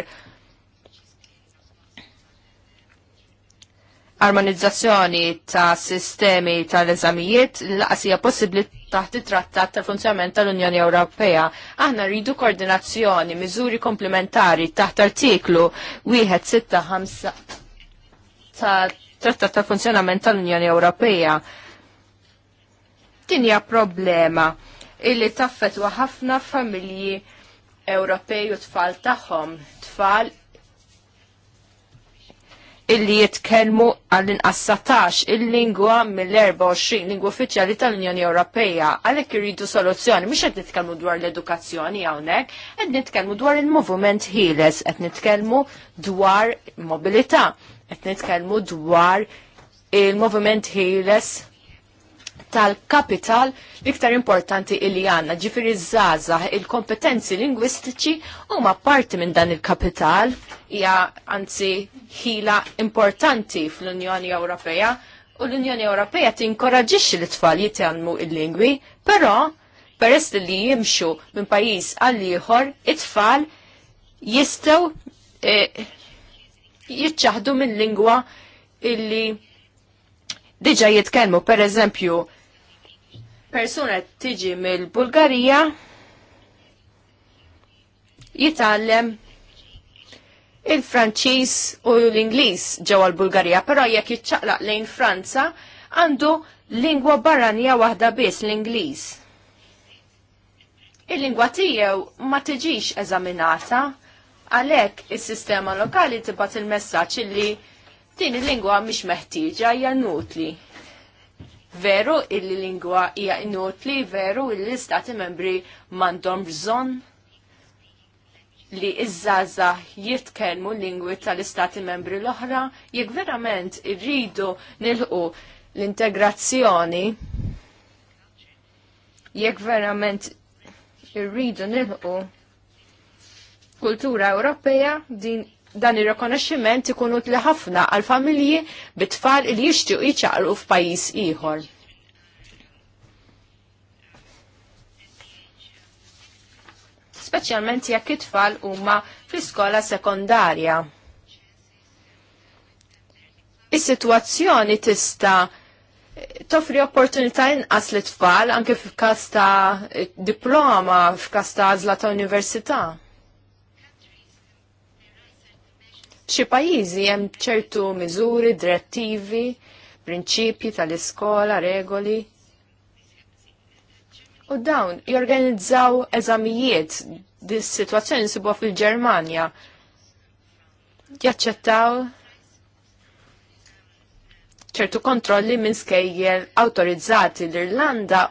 armonizzazzjoni ta' sistemi tal-eżamijiet l-qasija possibli taħt it-trattat ta' funzjonament tal-Unjoni Ewropea. Aħna rridu koordinazzjoni, miżuri komplementari taħt artiklu 165 ta' trattat ta' funzjonament tal-Unjoni Ewropea. Din hija problema illi taffetwa ħafna familji Ewropej u tfal tagħhom, tfal illi jitkellmu għall-inqas il-lingwa mill-24 lingwa uffiċjali tal-Unjoni Ewropea għalhekk irridu soluzzjoni mhux qed nitkellmu dwar l-edukazzjoni hawnhekk, qed nitkellmu dwar il-movement ħieles, qed nitkellmu dwar mobilità, qed nitkellmu dwar il-movement ħieles tal-kapital l-iktar importanti illi għanna, ġifiri zaza, il-kompetenzi lingwistiċi huma parti minn dan il-kapital, hija anzi ħila importanti fl-Unjoni Ewropea, u l-Unjoni Ewropea tinkoraġixxi l-tfal jitgħallmu il-lingwi, però peress li jimxu minn pajjiż għal ieħor, it-tfal jistgħu e, jiċċaħdu mill-lingwa illi diġa jitkellmu per eżempju persuna tiġi mill-Bulgarija jitgħallem il-Franċiż u l-Ingliż ġewwa l-Bulgarija, però jekk jiċċaqlaq lejn Franza għandu lingwa barranija waħda biss l-Ingliż. Il-lingwa tiegħu ma tiġix eżaminata għalhekk is-sistema lokali tibgħat il-messaġġ li din il-lingwa mhix meħtieġa hija nutli veru illi lingwa hija inutli, veru illi l-istati membri mandom bżon li iż-żaza jitkellmu lingwi tal-istati membri l-oħra, jekk verament irridu nilqu l-integrazzjoni, jekk verament irridu nilqu kultura Ewropea din dan ir rekonoxximent ikun utli ħafna għal familji bit-tfal li jixtiequ jiċaqru f'pajjiż ieħor. Speċjalment jekk it-tfal huma fl-iskola sekondarja. Is-sitwazzjoni tista' toffri opportunità inqas li tfal anke f'każ ta' diploma, f'każ ta' għażla ta' università. Xi pajjiżi hemm ċertu miżuri, direttivi, prinċipji tal-iskola, regoli. U dawn jorganizzaw eżamijiet dis situazzjoni nsibuha fil-Ġermanja. Jaċċettaw ċertu kontrolli minn skejjel autorizzati l-Irlanda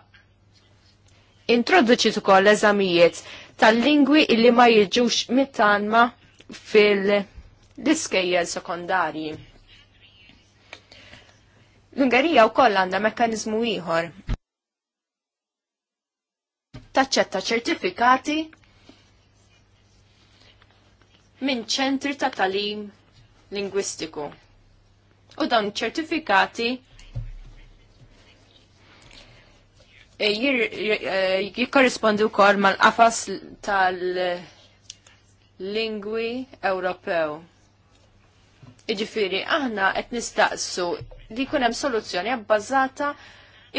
introduċi ukoll eżamijiet tal-lingwi illi ma jiġux tanma fil- l-iskejjel sekondarji. L-Ungerija wkoll għandha mekkaniżmu ieħor. Taċċetta ċertifikati minn ċentri ta' talim lingwistiku. U dawn ċertifikati eh, eh, jikorrispondu kol mal-qafas tal-lingwi Ewropew. Iġifiri, aħna qed nistaqsu li jkun hemm soluzzjoni bbażata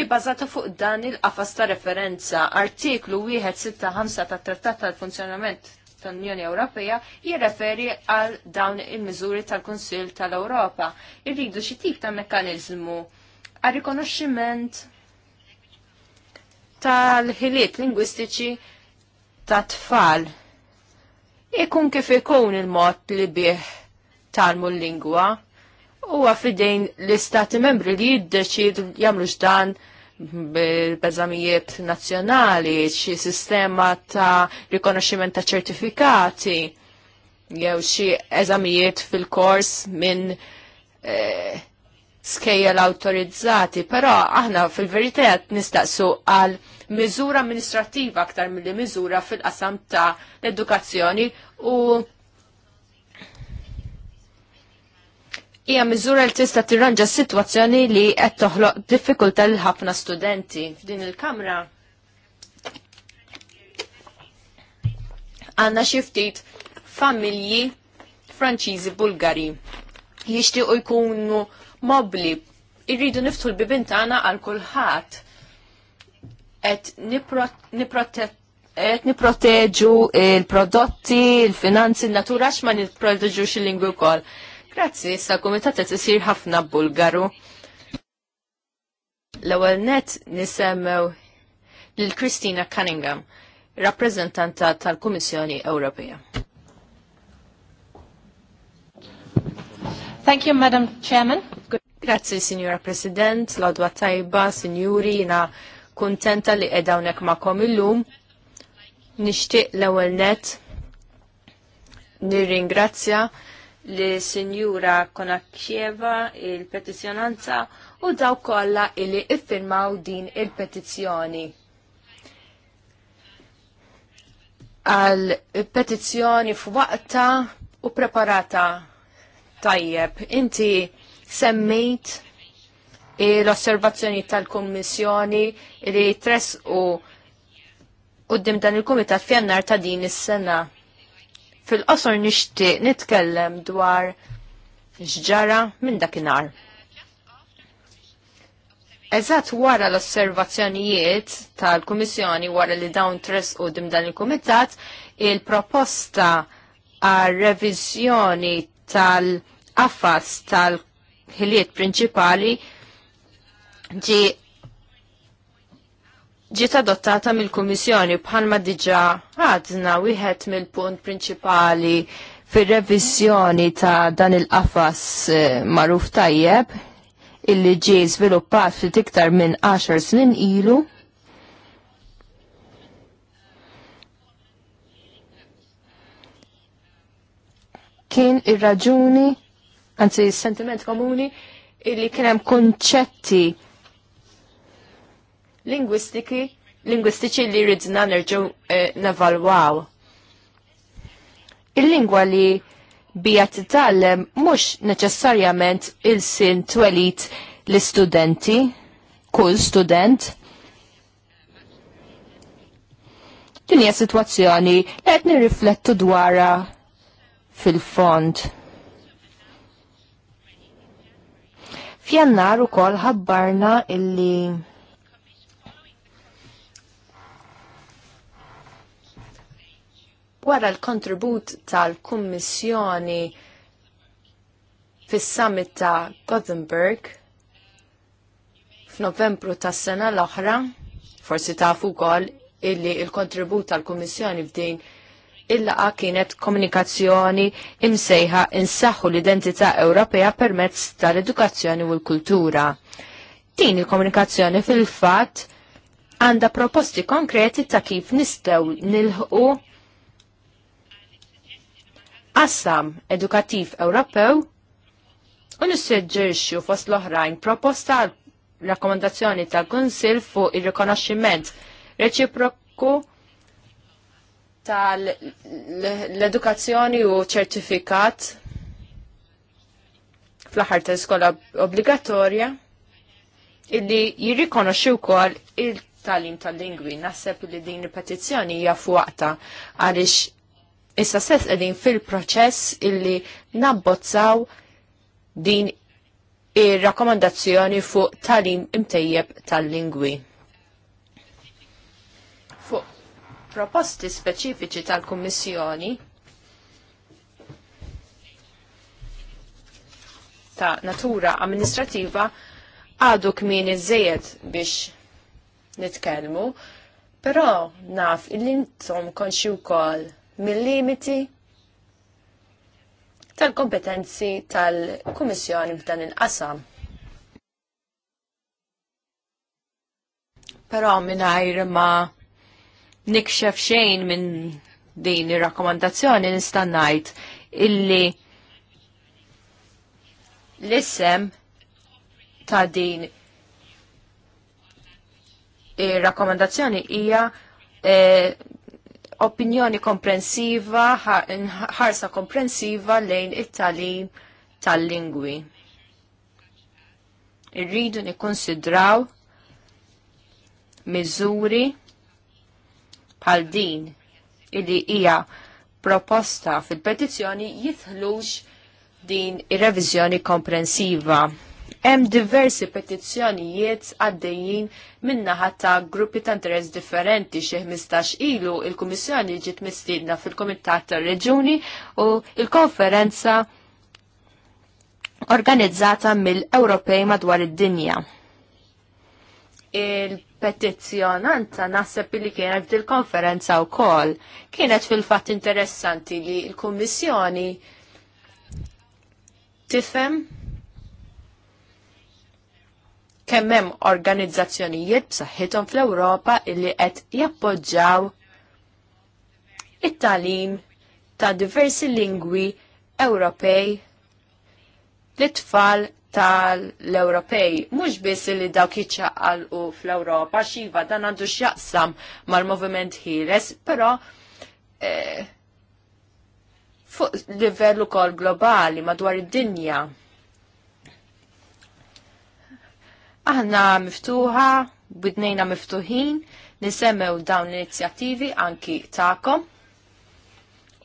ibbażata fuq dan il-qafas ta' referenza artiklu 165 ta' Trattat tal-Funzjonament tal-Unjoni Ewropea jirreferi għal dawn il-miżuri tal-Kunsil tal-Ewropa. Irridu xi tip ta' mekkaniżmu għal rikonoxximent tal-ħiliet lingwistiċi ta' tfal. Ikun kif ikun il-mod li bih t'armu l-lingwa huwa fidejn l-istati membri li jiddeċid jamlu ġdan bil bazamijiet nazzjonali, xi sistema ta' rikonoxximent ta' ċertifikati jew xi eżamijiet fil-kors minn eh, skejjel autorizzati, però aħna fil-verità nistaqsu għal miżura amministrativa aktar milli miżura fil-qasam ta' l-edukazzjoni u hija miżura li tista' tirranġa s-sitwazzjoni li qed toħloq diffikulta lil ħafna studenti f'din il-kamra. Għanna xi ftit familji Franċiżi Bulgari jixtiequ jkunu mobli irridu niftu l-bibin tagħna għal kulħadd qed niproteġu il-prodotti, il-finanzi, il-natura x'ma nipproteġu xi lingwi wkoll. Grazzi, issa kumitat qed isir ħafna Bulgaru. L-ewwel net nisemmew lil Christina Cunningham, rappreżentanta tal-Kummissjoni Ewropea. Thank you, Madam Chairman. Grazzi Signora President, l-odwa tajba, Signori, jina kontenta li edawnek ma'kom illum. Nishtiq l-ewel net nirringrazzja li Sinjura Konakxieva il-petizjonanza u daw kolla illi iffirmaw din il-petizjoni. Għal petizjoni f'waqta u preparata tajjeb. Inti semmejt l-osservazzjoni tal-Kommissjoni li tres u qoddim dan il-Komitat fjannar ta' din is-sena Fil-qosor nixtieq nitkellem dwar xġara minn dakinhar. Eżatt wara l-osservazzjonijiet tal-Kummissjoni wara li dawn tres u dan il-Kumitat, il-proposta għal reviżjoni tal-affas tal-ħiliet prinċipali ġi ġiet adottata mill-Kummissjoni bħalma diġà għadna wieħed mill-punt prinċipali fir revizjoni ta' dan il-qafas eh, magħruf tajjeb illi ġie żviluppat ftit iktar minn 10 snin ilu. Kien ir-raġuni, anzi s-sentiment komuni, illi kien hemm konċetti lingwistiki lingwistiċi li ridna nerġu eh, navalwaw. Il-lingwa li bija titgħallem mhux neċessarjament il-sin twelit l-istudenti, kull student. Din hija sitwazzjoni li qed nirriflettu dwarha fil-fond. F'jannar ukoll ħabbarna illi wara l-kontribut tal-Kummissjoni fis-summit ta' Gothenburg f'Novembru tas-sena l-oħra, forsi tafu wkoll illi il-kontribut tal-Kummissjoni f'din il-laqa kienet komunikazzjoni imsejħa insaħħu l-identità Ewropea permezz tal-edukazzjoni u l-kultura. Din il-komunikazzjoni fil-fatt għanda proposti konkreti ta' kif nistgħu nilħu Assam edukattiv Ewropew u nissuġġerixxu fost l-oħrajn proposta rakkomandazzjoni tal-Kunsil fuq ir-rikonoxximent reċiproku tal-edukazzjoni u ċertifikat fl-aħħar tal skola obbligatorja illi jirrikonoxxi wkoll il-talim tal-lingwi. Naħseb li din il-petizzjoni hija fuqta għaliex Issa sess qegħdin fil-proċess illi nabbozzaw din ir-rakkomandazzjoni fuq talim imtejjeb tal-lingwi. Fuq proposti speċifiċi tal-Kummissjoni ta' natura amministrativa għadu kmin iżejed biex nitkellmu, però naf il lintom konxi wkoll mill-limiti tal-kompetenzi tal-Kummissjoni f'dan il-qasam. Però mingħajr ma nikxef xejn minn din ir-rakkomandazzjoni nista' ngħid illi l-isem ta' din ir-rakkomandazzjoni hija eh, opinjoni komprensiva, ħarsa komprensiva lejn it-talim tal-lingwi. Irridu nikkonsidraw miżuri bħal din illi hija proposta fil-petizzjoni jitħlux din ir-reviżjoni komprensiva. Hemm diversi petizzjonijiet għaddejjin minna ta' gruppi ta' interess differenti xi 15 ilu il-Kummissjoni ġiet mistiedna fil-Kumitat tar-Reġuni u il-konferenza organizzata mill-Ewropej madwar id-dinja. Il-petizzjonanta naħseb li kienet fil-konferenza wkoll. Kienet fil-fatt interessanti li l-Kummissjoni tifhem kemm hemm organizzazzjonijiet b'saħħithom fl-Ewropa illi qed jappoġġjaw it-talim ta' diversi lingwi Ewropej li tfal tal-Ewropej, mhux biss li dawk jiċċaqalqu fl-Ewropa, xiva dan għandu x'jaqsam mal-moviment ħieles, però eh, fuq livell ukoll globali madwar id-dinja. Aħna miftuħa, bidnejna miftuħin, nisemmew dawn l-inizjattivi anki ta'kom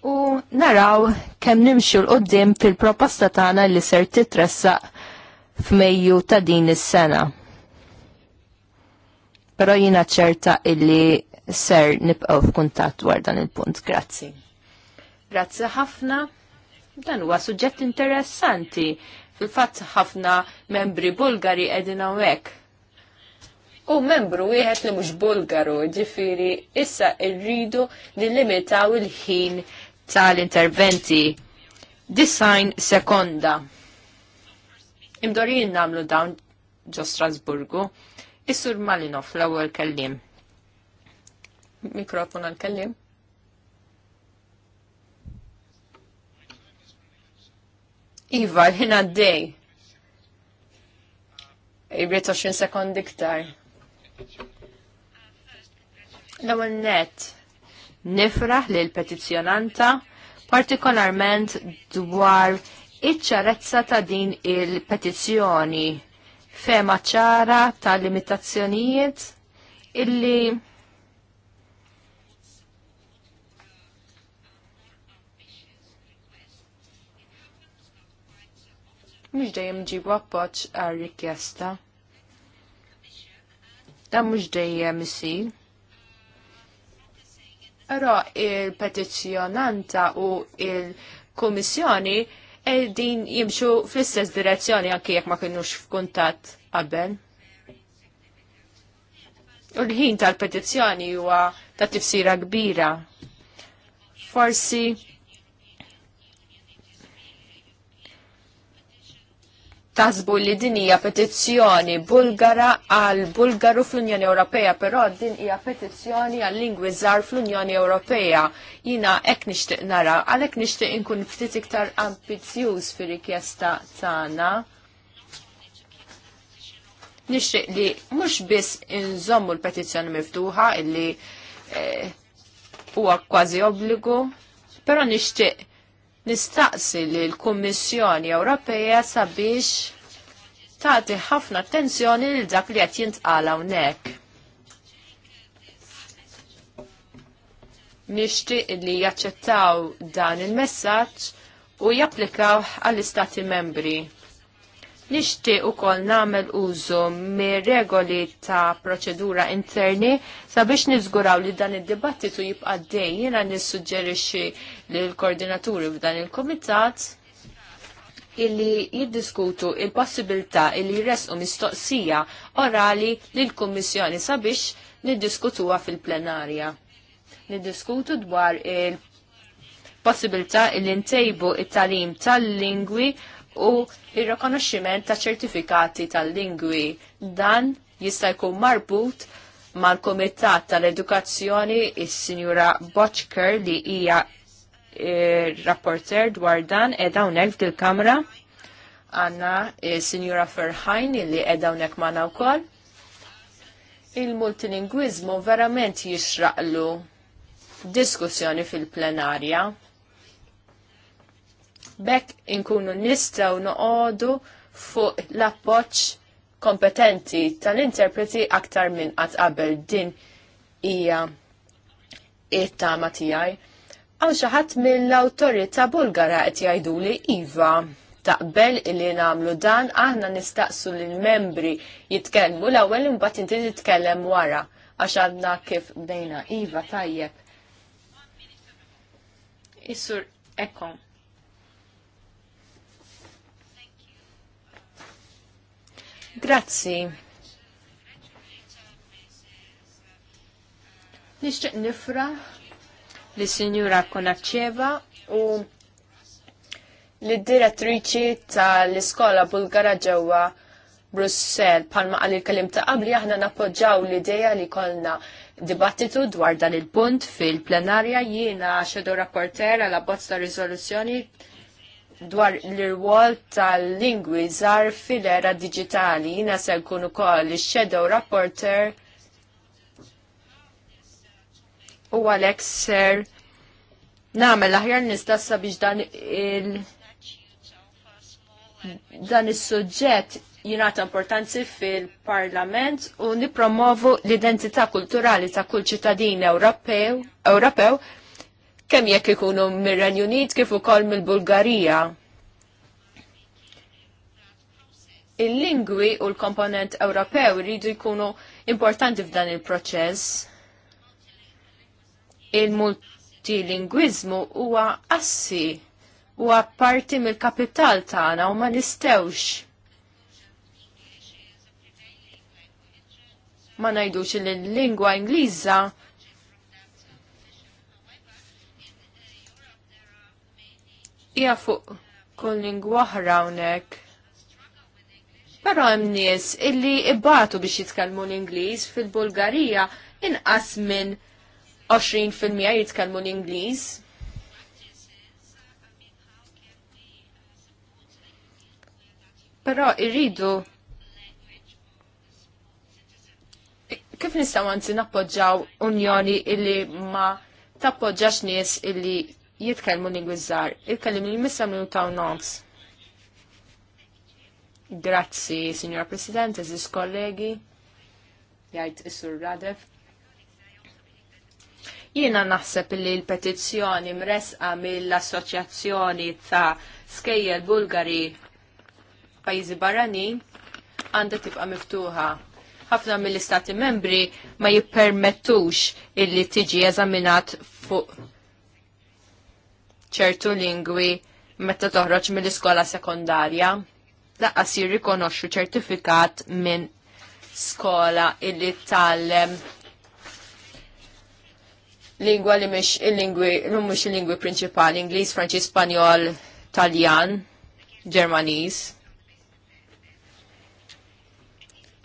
u naraw kemm nimxu l-qoddim fil-proposta tagħna li ser titressaq f'Mejju ta' din is-sena. Però jiena ċerta illi ser nibqgħu f'kuntatt dwar dan il-punt. Grazzi. Grazzi ħafna. Dan huwa suġġett interessanti Fil-fatt ħafna membri Bulgari edin għawek. U membru wieħed li mhux Bulgaru, ġifiri, issa rridu nillimitaw il-ħin tal-interventi. Design sekonda. Imdorin namlu dawn ġo Strasburgu, Is-Sur Malinov l-ewwel kellim. Mikrofon għal kellim. Iva, l-ħin għaddej. Irrit 20 sekond iktar. L-ewwel net nifraħ l petizzjonanta partikolarment dwar iċ-ċarezza ta' din il-petizzjoni fema ċara ta' limitazzjonijiet illi mhux dejjem ġibu appoġġ għal rikjesta. Dan mhux dejjem isir. Però il-petizzjonanta u il-Kummissjoni eh, din jimxu fl-istess direzzjoni anke jekk ma kinux f'kuntatt qabel. U l-ħin tal-petizzjoni huwa ta' tifsira kbira. Forsi tasbu li din hija petizzjoni Bulgara għal Bulgaru fl-Unjoni Ewropea, però din hija petizzjoni għal lingwi żgħar fl-Unjoni Ewropea. Jina hekk nixtieq nara, għalhekk nixtieq inkun ftit iktar ambizzjuż fir-rikjesta tagħna. Nixtieq li mhux biss inżommu l-petizzjoni miftuħa illi eh, huwa eh, kważi obbligu, però nixtieq nistaqsi li l-Kummissjoni Ewropea sabiex tagħti ħafna attenzjoni lil dak li qed jintqala hawnhekk. Nixtieq li jaċċettaw dan il-messaġġ u japplikaw għall-Istati membri. Nixtieq ukoll nagħmel użu mir regoli ta' proċedura interni sabiex niżguraw li dan id-dibattitu jibqa' dej jiena nissuġġerixxi lill koordinaturi f'dan il-kumitat illi jiddiskutu il-possibilità illi jresqu mistoqsija orali lill kummissjoni sabiex niddiskutuha fil-plenarja. Niddiskutu dwar il-possibilità illi ntejbu it-talim tal-lingwi u il rikonoxximent ta' ċertifikati tal-lingwi dan jista' jkun marbut mal-Komitat tal-Edukazzjoni is-Sinjura Boċker li hija e, rapporter dwar dan edha hawnhekk fil-Kamra għanna e, Sinjura Ferħajn li edha hawnhekk magħna wkoll. Il-multilingwiżmu verament jixraqlu diskussjoni fil-plenarja bekk inkunu nistaw noqogħdu fuq l-appoġġ kompetenti tal-interpreti aktar minn qatt qabel din hija it-tama tiegħi. Għaw xaħat mill-autorità Bulgara qed jgħiduli iva taqbel illi namlu dan aħna nistaqsu l membri jitkellmu l-ewwel imbagħad inti titkellem wara għax għandna kif bdejna iva tajjeb. Isur ekkom. Grazzi. Nixtieq nifra li Sinjura Konaċeva u l-direttriċi tal-iskola Bulgara ġewwa Brussel palma għal il-kelim ta' qabli aħna nappoġġaw l-ideja li kolna dibattitu dwar dan il-punt fil-plenarja jiena xedu rapporter għal bozza ta' riżoluzzjoni dwar l-irwol tal-lingwi żar fil-era digitali jina se jkun ukoll ix-shadow rapporter u għalhekk ser nagħmel aħjar nistassa biex dan il- dan is-suġġett jingħata importanzi fil-Parlament u nipromovu l-identità kulturali ta' kull ċittadin Ewropew Ewropew kemm jekk ikunu mir-Renju Unit kif ukoll mill-Bulgarija. Il-lingwi u l-komponent Ewropew rridu jkunu importanti f'dan il-proċess. Il-multilingwiżmu huwa assi huwa parti mill-kapital tagħna u ma nistewx ma ngħidux li l-lingwa Ingliża hija fuq kull lingwa oħra hawnhekk. Però hemm nies illi ibatu biex jitkellmu l-Ingliż fil-Bulgarija inqas minn 20% jitkellmu l-Ingliż. Però irridu kif nistgħu anzi nappoġġaw unjoni illi ma tappoġġax nies illi jitkellmu lingwi żgħar. Il-kellim li missa minn ta' Knox. Grazzi, Signor President, eżis kollegi, jgħid Isur Radev. Jiena naħseb li l-petizzjoni mresqa mill-Assoċjazzjoni ta' Skejjel Bulgari Pajjiżi Barranin għandha tibqa' miftuħa ħafna mill-istati membri ma jippermettux illi tiġi eżaminat fuq ċertu lingwi meta toħroġ mill-iskola sekondarja. Laqqas jirrikonoxxu ċertifikat minn skola illi tallem lingwa li mhix il-lingwi li mhux il-lingwi prinċipali Ingliż, Franċiż, Spanjol, Taljan, Ġermaniż.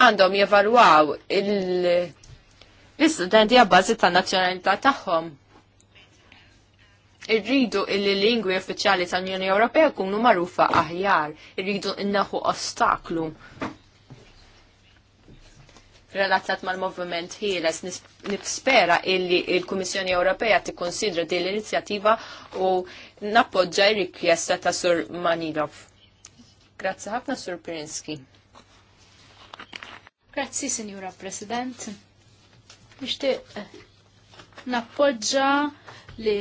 Għandhom jevalwaw l-istudenti għabbażi ta' nazzjonalità tagħhom irridu illi lingwi uffiċjali tal-Unjoni Ewropea jkunu magħrufa aħjar, irridu innaħu ostaklu relazzat mal-movement ħieles nispera illi il-Kummissjoni Ewropea tikkonsidra din l-inizjattiva u nappoġġa r-rikjesta ta' Sur Manilov. Grazzi ħafna Sur Pirinski. Grazzi, Signora President. Nixtieq nappoġġa li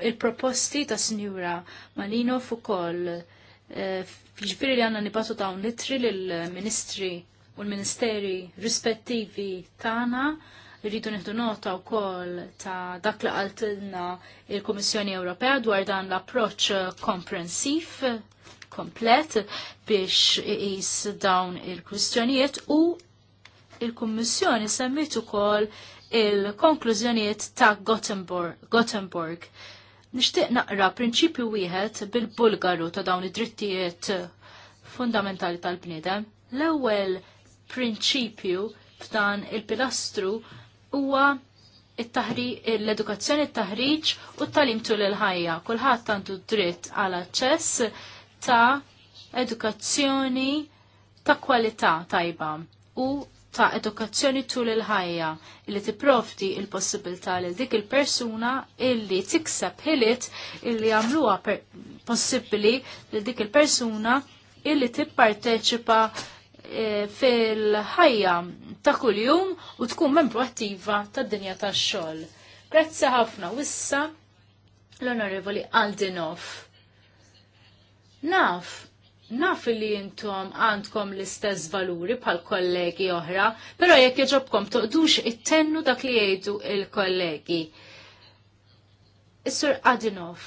il-proposti ta' Sinjura Malino Fukol eh, ġifiri li għanna ta' dawn litri lill-ministri u l-ministeri rispettivi tagħna rridu neħdu nota wkoll ta' dak li qaltilna il-Kummissjoni Ewropea dwar dan l-approċċ komprensif komplet biex is dawn il-kwistjonijiet u il-Kummissjoni semmit ukoll il-konklużjonijiet ta' Gothenburg. Gothenburg. Nixtieq naqra prinċipju wieħed bil-Bulgaru ta' dawn id-drittijiet fundamentali tal-bniedem. L-ewwel prinċipju f'dan il-pilastru huwa l-edukazzjoni, t-taħriġ u t-talim tul il-ħajja. Kulħadd għandu dritt għal aċċess ta' edukazzjoni ta' kwalità tajba u ta' edukazzjoni tul il-ħajja illi tipprovdi il-possibilità li dik il-persuna illi tikseb ħiliet illi għamluha possibbli li dik il-persuna illi tipparteċipa eh, fil-ħajja ta' kuljum u tkun membru attiva tad dinja tax xogħol. Grazzi ħafna wissa l-Onorevoli Aldinov. Naf naf li jintom għandkom l-istess valuri pal kollegi oħra, pero jekk jġobkom toqdux it-tennu dak li jgħidu il-kollegi. Is-sur Adinov,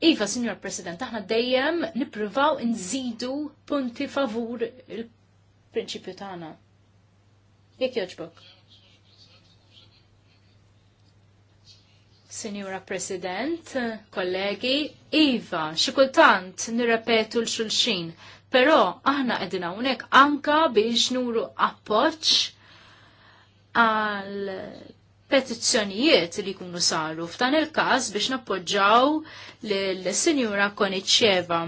Iva, Signor President, aħna dejjem nipruvaw nżidu punti favur il-prinċipju tagħna. Jekk jogħġbok. Signora President, kollegi, Iva, xikultant nirrepetu l-xulxin, pero aħna edina unek anka biex nuru appoċ għal petizzjonijiet li kunu saru f'dan il-kas biex nappoġġaw l signora Konicieva.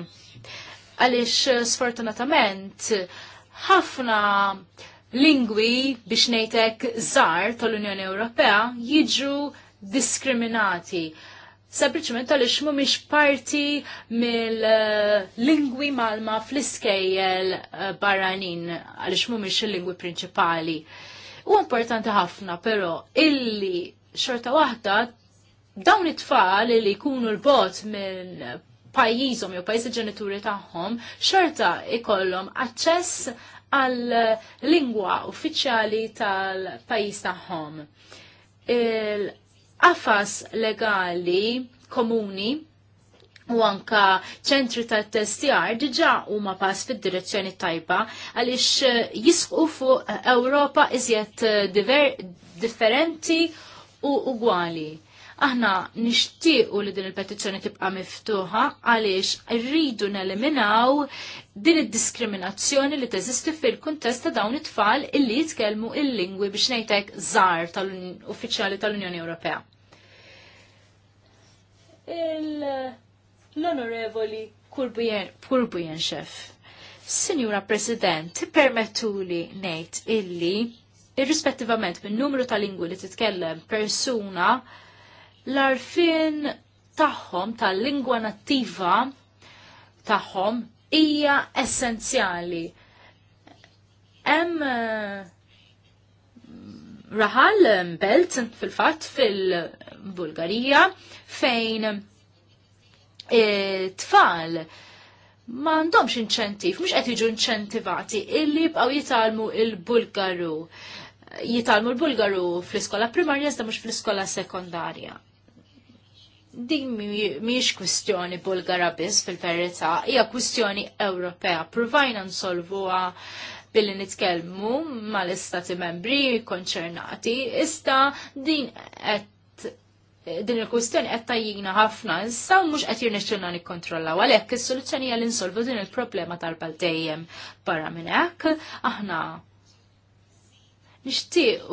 Għalix sfortunatament ħafna lingwi biex nejtek zar tal-Unjoni Ewropea jiġu diskriminati sempliciment għalix mumiex parti mill-lingwi malma fl-iskejjel eh, barranin, għalix mumiex il-lingwi prinċipali. U importanti ħafna, pero, illi xorta waħda dawn it-tfal li jkunu l-bot minn pajizom jew pajiz ġenituri tagħhom, xorta ikollhom aċċess għal lingwa uffiċjali tal-pajjiż tagħhom affas legali komuni u anka ċentri ta' testjar diġa huma pass fid-direzzjoni tajba għaliex eh, jisqu fuq Ewropa iżjed eh, differenti u ugwali. Aħna nixtiequ li din il-petizzjoni tibqa' miftuħa għaliex rridu neliminaw din id-diskriminazzjoni li teżisti fil-kuntest ta' dawn it-tfal illi jitkellmu il-lingwi biex ngħidlek żgħar tal-uffiċjali tal-Unjoni Ewropea. L-Onorevoli Kurbujen Xef. Sinjura President, permettuli nejt illi irrispettivament minn numru ta' lingwi li titkellem persuna l-arfin tagħhom tal-lingwa nattiva tagħhom hija essenzjali. Hemm eh, raħal belt fil-fatt fil-Bulgarija fejn eh, tfal ma għandhomx inċentiv, mhux qed jiġu inċentivati illi jibqgħu jitalmu il-Bulgaru. Jitalmu l-Bulgaru fl-iskola primarja iżda mhux fl-iskola sekondarja din miex kwistjoni bulgara biss fil-verità, hija kwistjoni Ewropea. Provajna nsolvuha billi nitkellmu mal-istati membri konċernati, issa din qed din il-kwistjoni qed tajjina ħafna, issa mhux qed jirnexxilna nikkontrollaw għalhekk is-soluzzjoni hija li nsolvu din il-problema tal-bal barra minn hekk aħna nixtiequ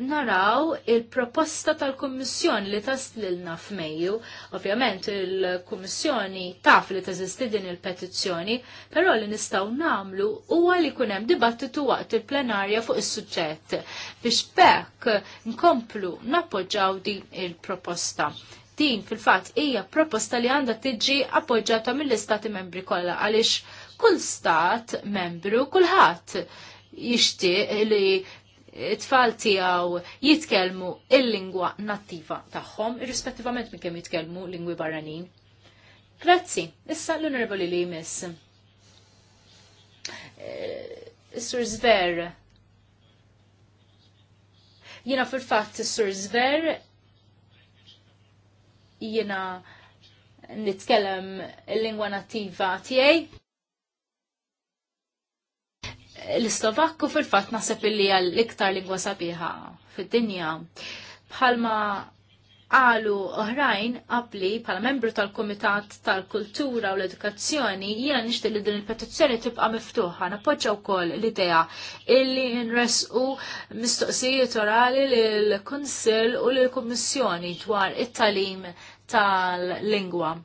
naraw il-proposta tal-Kommissjoni li taslilna f'Mejju. Ovvjament il-Kommissjoni taf li tażisti din il-petizzjoni, però li nistgħu namlu huwa li kun hemm dibattitu waqt il-plenarja fuq is-suġġett biex bekk nkomplu nappoġġaw din il-proposta. Din fil-fatt hija proposta li għandha tiġi appoġġjata mill-Istati membri kollha għaliex kull stat membru kulħadd jixtieq li it-tfal tiegħu jitkellmu il-lingwa nattiva tagħhom, irrispettivament minn kemm jitkellmu lingwi barranin. Grazzi, issa l-onorevoli li jmiss. Eh, Sur Zver. Jiena fil-fatt Sur Zver jiena nitkellem il-lingwa nattiva tiegħi l-Slovakku fil-fatt naħseb li għal l-iktar lingwa sabiħa fid-dinja. Bħalma għalu oħrajn qabli bħala membru tal-Komitat tal-Kultura u l-Edukazzjoni jgħan nixtieq li din il-petizzjoni tibqa' miftuħa. Nappoġġa wkoll l-idea illi nresqu mistoqsijiet orali lill kunsill u lill kummissjoni dwar it-talim tal-lingwa.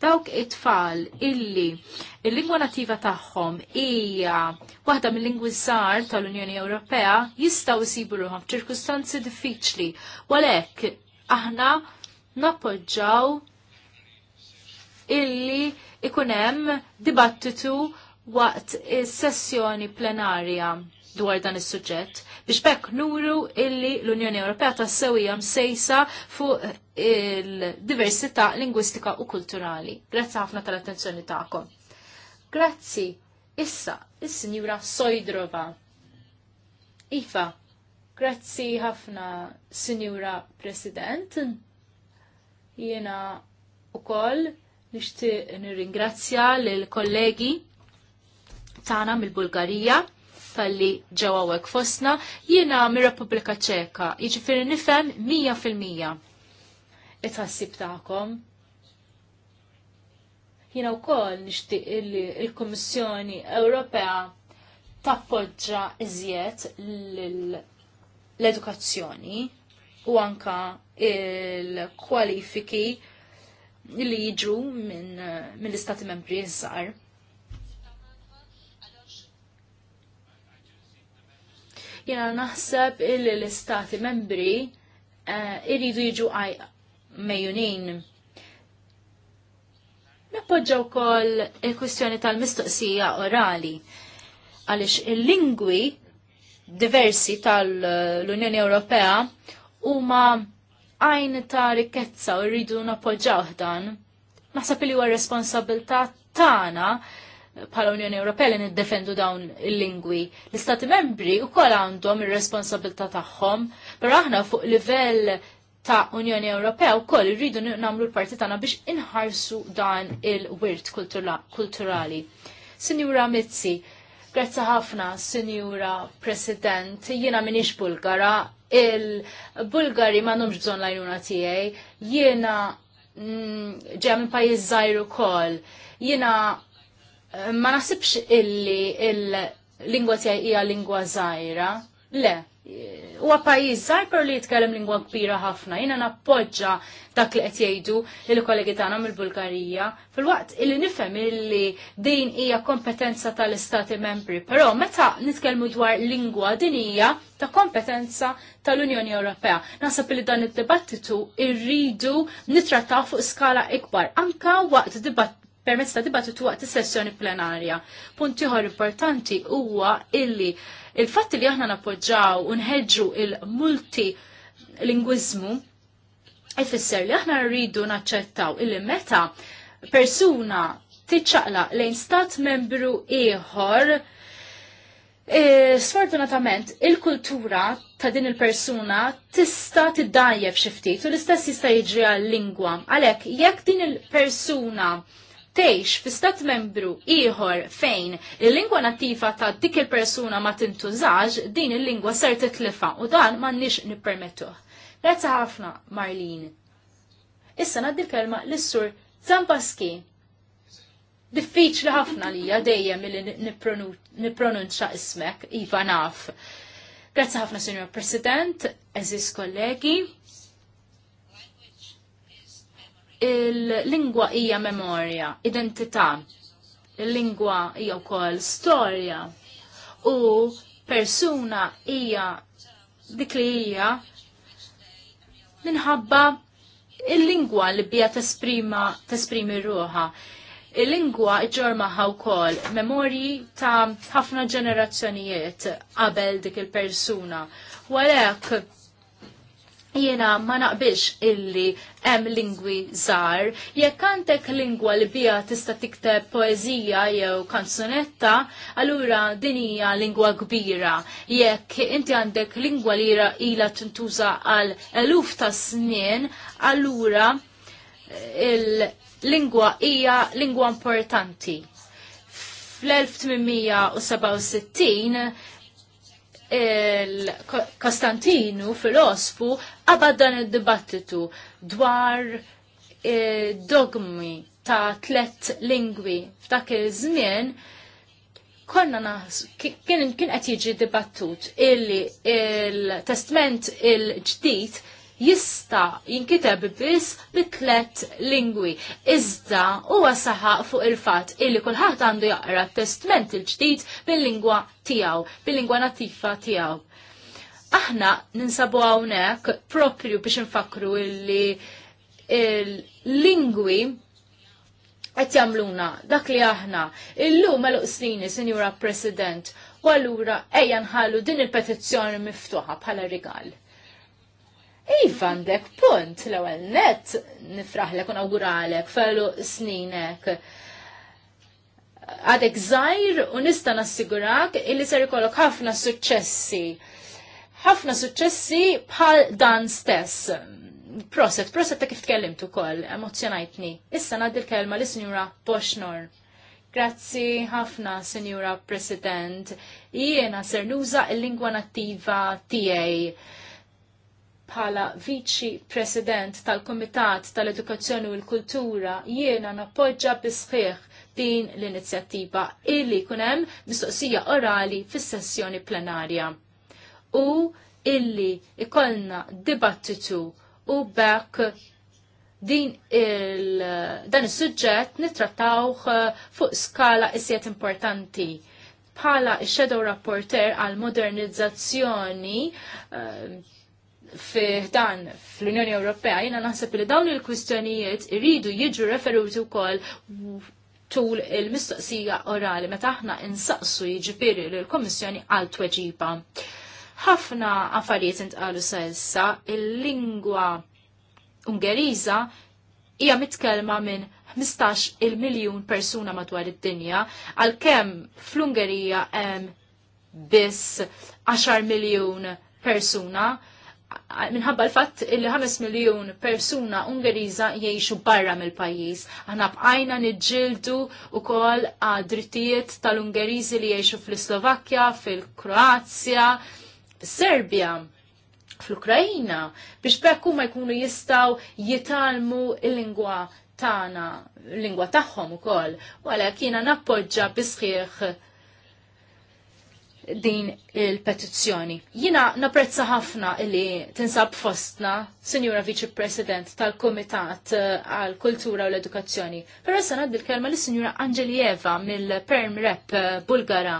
Dawk it-tfal illi il-lingwa nativa tagħhom hija waħda mill-lingwi żgħar tal-Unjoni Ewropea jistgħu jsibu ruħhom f'ċirkustanzi diffiċli. Walek aħna nappoġġaw illi ikun hemm dibattitu waqt is-sessjoni plenarja dwar dan is-suġġett biex bekk nuru illi l-Unjoni Ewropea tassewija msejsa fuq il-diversità lingwistika u kulturali. Grazzi ħafna tal-attenzjoni tagħkom. Grazzi. Issa, il sinjura Sojdrova. Iva, grazzi ħafna, Sinjura President. Jiena nishti nixtieq nirringrazzja lill kollegi tagħna mill-Bulgarija tal-li ġewa fostna, jiena mir-Repubblika Ċeka, jiġifieri nifhem 100 fil-mija it-ħassib tagħkom. Jiena wkoll nixtieq illi l-Kummissjoni Ewropea tappoġġa iżjed l-edukazzjoni u anka il-kwalifiki li jiġu minn min l-istati membri jizzar. Jena naħseb il l-istati membri uh, irridu jiġu Mejunin Nappoġġaw kol il-kwistjoni tal-mistoqsija orali għaliex il-lingwi diversi tal-Unjoni Ewropea huma għajn ta' rikkezza u rridu nappoġġaw dan. Naħseb li huwa responsabilità tagħna bħala Unjoni Ewropea li niddefendu dawn il-lingwi. L-Istati membri u kol għandhom ir responsabilità tagħhom, però aħna fuq livell ta' Unjoni Ewropew wkoll irridu nagħmlu l-parti tagħna biex inħarsu dan il-wirt kulturali. Sinjura Mizzi, grazzi ħafna, Sinjura President, jiena minix Bulgara, il-Bulgari ma nomx bżon lajnuna tiegħi, jiena mm, ġem minn pajjiż żgħir ukoll. Jiena ma nasibx illi il-lingwa tiegħi hija lingwa żgħira. Le, huwa pajjiż żgħar li jitkellem lingwa kbira ħafna. Jiena nappoġġa dak li qed jgħidu il-kollegi tagħna mill-Bulgarija fil-waqt illi nifhem illi din hija kompetenza tal-Istati Membri. Però meta nitkellmu dwar lingwa din hija ta' kompetenza tal-Unjoni Ewropea. Nasab li dan id-dibattitu irridu nitrattaw fuq skala ikbar anka waqt dibatt permezz ta' dibattitu waqt is-sessjoni plenarja. Punt ieħor importanti huwa illi il-fatt li aħna nappoġġaw u nħeġġu il multilingwiżmu ifisser li aħna rridu naċċettaw illi meta persuna tiċċaqla lejn stat membru ieħor E, sfortunatament, il-kultura ta' din il-persuna tista' tiddajjef xi ftit u l-istess jista' jiġri għal-lingwa. Għalhekk jekk din il-persuna tejx fi stat membru ieħor fejn il-lingwa nattiva ta' dik il-persuna ma tintużax, din il-lingwa ser titlifa u dan m'għandniex nippermettuh. Grazie ħafna, Marlin. Issa ngħaddi kelma lis-sur Diffiċ Diffiċli ħafna li dejjem li nipronunċa ismek, Iva naf. Grazie ħafna, Signor President, eżis kollegi, il-lingwa hija memorja, identità, il-lingwa hija wkoll storja u persuna hija dik li hija minħabba il-lingwa li bija tesprima tesprimi ruha. Il-lingwa ġorma ħaw kol memorji ta' ħafna ġenerazzjonijiet qabel dik il-persuna. Walek Jena ma naqbilx illi hemm lingwi żgħar, jekk għandek lingwa li bija tista' tikteb poeżija jew kanzunetta, allura din hija lingwa kbira. Jekk inti għandek lingwa li ila tintuża għal eluf ta' snin, allura eh, il-lingwa hija lingwa importanti fl-1867 il-Kostantinu fil-ospu qabad dan id-dibattitu dwar eh, dogmi ta' tlet lingwi f'dak il żmien konna naħs, kien qed jiġi dibattut illi il-testment il-ġdid jista jinkiteb biss bi tlet lingwi. Iżda huwa saħaq fuq il-fatt illi kulħadd għandu jaqra testament il-ġdid bil-lingwa tiegħu, bil-lingwa natifa tiegħu. Aħna ninsabu hawnhekk propju biex infakru illi il-lingwi qed jagħmluna dak li aħna. Illum għal snin, Sinjura President, u allura ejja nħallu din il-petizzjoni miftuħa bħala rigal. Iva għandek punt l ewwel net nifraħlek u nawguralek fellu sninek. Għadek zaħir u nista nassigurak illi ser ikollok ħafna suċċessi. ħafna suċċessi bħal dan stess. Proset, proset ta' kif tkellimt ukoll, emozjonajtni. Issa ngħaddi l-kelma li sinjura Boshnor. Grazzi ħafna, Sinjura President. Jiena ser nuża l-lingwa nattiva tiegħi bħala viċi president tal-Komitat tal-Edukazzjoni u l-Kultura jiena nappoġġa sħiħ din l-inizjattiva illi kunem mistoqsija orali fis-sessjoni plenarja. U illi ikollna dibattitu u bekk din il, dan is-suġġett nittrattawh eh, fuq skala isiet importanti bħala shadow rapporter għal modernizzazzjoni uh, fiħdan fl-Unjoni Ewropea, jina naħseb li dawn il-kwistjonijiet iridu jiġu referuti wkoll tul il-mistoqsija orali meta aħna insaqsu jiġifieri lill kummissjoni għal tweġiba. Ħafna affarijiet intqalu sa issa il-lingwa Ungeriża hija mitkellma minn 15 il-miljun persuna madwar id-dinja għalkemm fl-Ungerija hemm biss 10 miljun persuna minħabba l-fatt li 5 miljon persuna Ungeriża jgħixu barra mill-pajjiż. Aħna bqajna niġġieldu wkoll kol drittijiet tal-Ungeriżi li jgħixu fl-Slovakkja, fil-Kroazja, fil serbja fl-Ukrajina biex bekk huma jkunu jistgħu jitalmu il lingwa tagħna, l-lingwa tagħhom ukoll. Wala kiena nappoġġa bisħieħ din il-petizzjoni. Jina napprezza ħafna li tinsab fostna, Sinjura Viċi President tal-Komitat eh, għal-Kultura u l-Edukazzjoni. Però issa naddi l-kelma li Sinjura Angelieva mill-Perm Rep eh, Bulgara.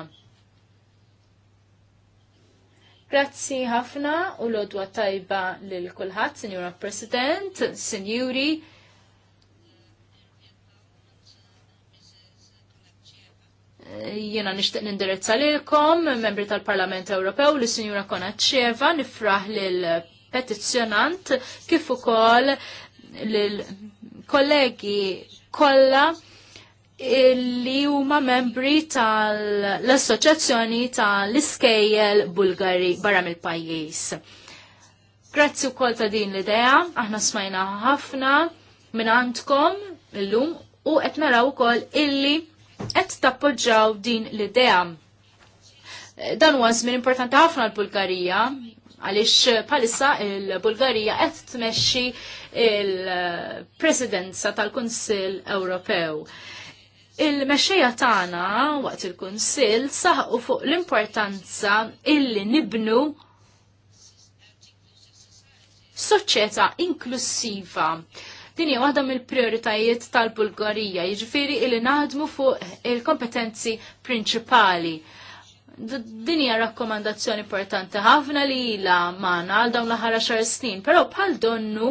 Grazzi ħafna u l-odwa tajba lil kulħadd, Sinjura President, Sinjuri, Jiena nixtieq nindirizza lilkom, membri tal-Parlament Ewropew, li sinjura Konaċċeva, nifraħ lil petizzjonant kif ukoll lil kollegi kollha li huma membri tal-Assoċjazzjoni tal-Iskejjel Bulgari barra mill-pajjiż. Grazzi wkoll ta' din l-idea, aħna smajna ħafna minn għandkom illum u qed naraw ukoll illi qed tappoġġaw din l-idea. Dan huwa żmien importanti ħafna l-Bulgarija għaliex palissa il-Bulgarija qed tmexxi il-Presidenza tal-Kunsill Ewropew. Il-mexxejja tagħna waqt il-Kunsill saħqu fuq l-importanza illi nibnu soċjetà inklusiva Din hija waħda mill-prioritajiet tal-Bulgarija, jiġifieri illi naħdmu fuq il-kompetenzi prinċipali. Din hija rakkomandazzjoni importanti ħafna li ilha magħna għal dawn l-aħħar xar snin, però bħal donnu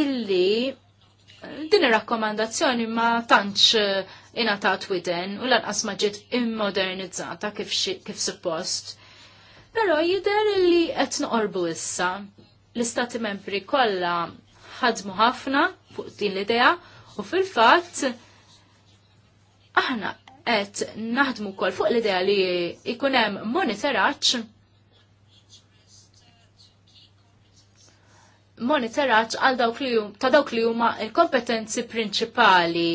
illi din ir-rakkomandazzjoni ma tantx ingħatat widen u lanqas ma ġiet immodernizzata kif, suppost. Pero jider li qed noqorbu issa l-istati membri kollha ħadmu ħafna fuq din l-idea u fil-fatt aħna qed naħdmu wkoll fuq l-idea li ikun hemm monitoraġġ monitoraġġ għal dawk li ta' dawk li huma l-kompetenzi prinċipali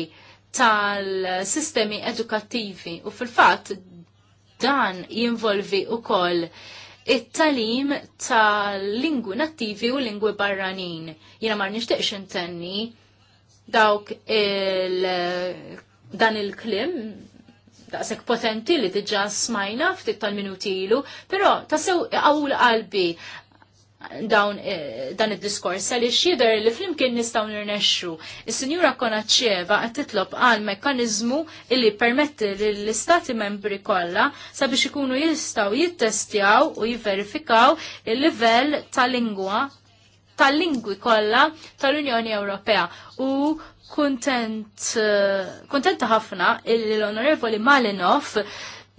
tal-sistemi edukattivi u fil-fatt dan jinvolvi ukoll it-talim ta' lingwi nattivi u lingwi barranin. Jina mar nishtiqx intenni dawk il dan il-klim sekk potenti li diġa smajna ftit tal-minuti ilu, pero tasew għawl qalbi dawn eh, dan id-diskors li xider li flimkien nistgħu nirnexxu. Is-Sinjura Konaċċeva qed titlob għal mekkaniżmu li permetti lill-istati membri kollha sabiex ikunu jistgħu jittestjaw u jivverifikaw il-livell tal-lingwa tal-lingwi kollha tal-Unjoni Ewropea u kuntent eh, kuntenta ħafna l-Onorevoli Malinov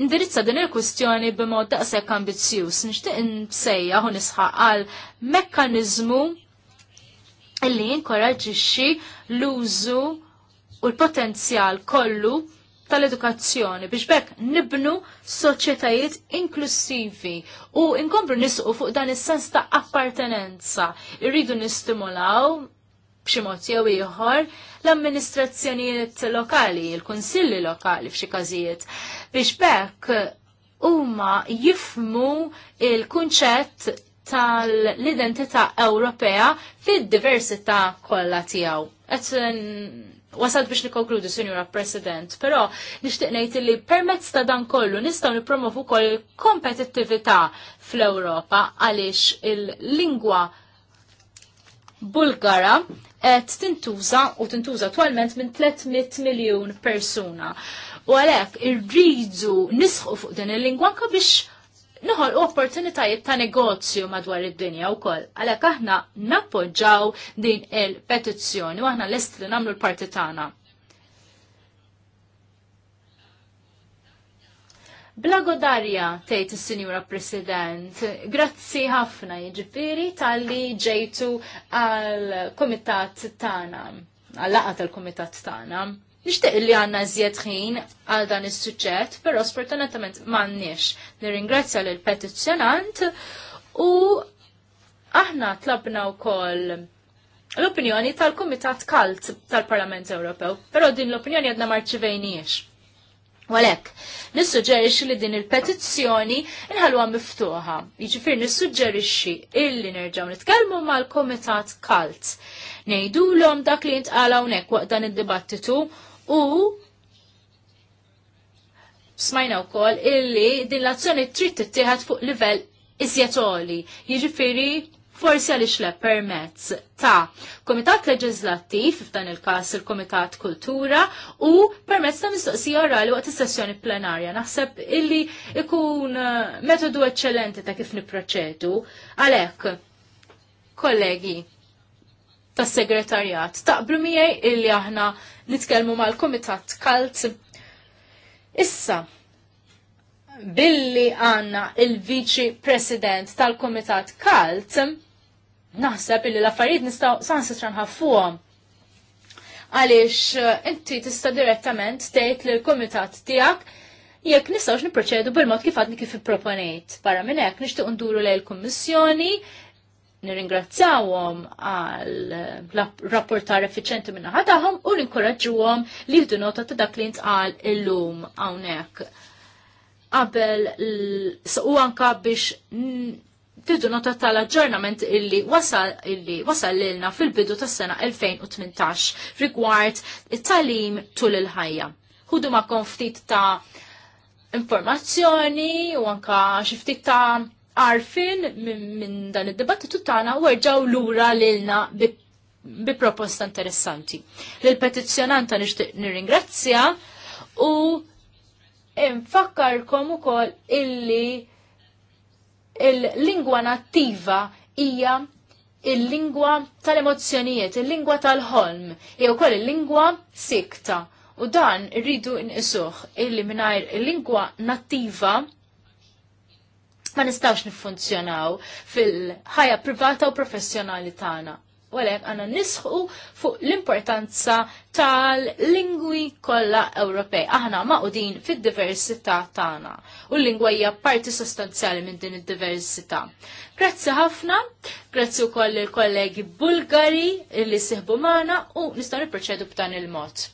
indirizza din il-kwistjoni b'mod daqshekk ambizzjuż. Nixtieq nsejja u nisħaq għal mekkaniżmu illi jinkoraġixxi l-użu u l-potenzjal kollu tal-edukazzjoni biex bekk nibnu soċjetajiet inklusivi u nkomplu nisqu fuq dan is-sens ta' appartenenza. Irridu nistimulaw b'xi mod jew ieħor l-amministrazzjonijiet lokali, il-kunsilli lokali f'xi każijiet biex bekk huma jifmu il-kunċett tal-identità Ewropea fid-diversità kollha tiegħu. Wasalt biex nikonkludu, Sinjura President, però nixtieq ngħid li permezz ta' dan kollu nistgħu nippromovu wkoll il-kompetittività fl-Ewropa għaliex il-lingwa Bulgara qed tintuża u tintuża twalment minn 300 miljun persuna. U għalhekk irridu nisħu fuq din il-lingwa anke biex noħol opportunitajiet ta' negozju madwar id-dinja wkoll. Għalhekk aħna nappoġġaw din il-petizzjoni u aħna lest li nagħmlu l-parti tagħna. darja tgħid is-Sinjura President, grazzi ħafna jiġifieri tal-li ġejtu għal-Kumitat tagħna, għal-laqgħa tal-Kumitat tagħna. Nishtiq li għanna zjed ħin għal dan is suċċett però sfortunatament m'għandniex. Nirringrazzja l petizzjonant u aħna tlabna wkoll l-opinjoni tal-Kumitat Kalt tal-Parlament Ewropew, però din l-opinjoni għadna marċivejniex. Walek, nissuġġerixxi li din il-petizzjoni inħalwa miftuħa. Jiġifier nissuġġerixxi illi nerġgħu nitkellmu mal-Komitat Kalt. Ngħidulhom dak li ntqal hawnhekk waqt dan id-dibattitu u smajna wkoll illi din l-azzjoni trid tittieħed fuq livell iżjetoli. Jiġifieri forsi għaliex le permezz ta' Komitat Leġislattiv, f'dan il-każ il-Komitat Kultura, u permezz ta' mistoqsija orali waqt is-sessjoni plenarja. Naħseb illi ikun eh, metodu eċċellenti ta' kif niproċedu. Għalhekk, kollegi, tas segretarjat taqblu miegħi illi aħna nitkellmu mal-Komitat Kalt. Issa, billi għanna il-Viċi President tal-Komitat Kalt, naħseb illi l-affarijiet nistgħu sansitra nħaffuhom. Għaliex eh, inti tista' direttament tgħid lil kumitat tiegħek jekk nistgħux nipproċedu bil-mod kif għadni kif ipproponejt. Barra minn hekk nixtieq nduru lejn il-Kummissjoni nirringrazzawhom għal eh, rapportar effiċenti minn ħadaħom u ninkoraġġuhom li jieħdu nota ta' dak li ntqal illum hawnhekk. Qabel u anka biex tiddu nota tal-aġġornament illi wasal illi wasal lilna fil-bidu tas-sena 2018 rigward it-talim tul il-ħajja. Ħudu ma' konftit ta' informazzjoni u anka xiftit ta' arfin minn dan id-dibattitu tagħna u rġaw lura lilna bi, bi proposta interessanti. l petizzjonanta nixtieq nirringrazzja u infakkarkom ukoll illi il-lingwa nattiva hija il-lingwa tal-emozzjonijiet, il-lingwa tal-ħolm, jew ukoll il-lingwa sikta. U dan rridu nqisuh illi mingħajr il-lingwa nattiva ma nistax nifunzjonaw fil-ħajja privata u professjonali tagħna. U għalek għanna nisħu fuq l-importanza tal-lingwi kollha Ewropej. Aħna din fid-diversità tagħna u l-lingwa hija parti sostanzjali minn din id-diversità. Grazzi ħafna, grazzi wkoll il-kollegi Bulgari li siħbu magħna u nistgħu nipproċedu b'dan il-mod.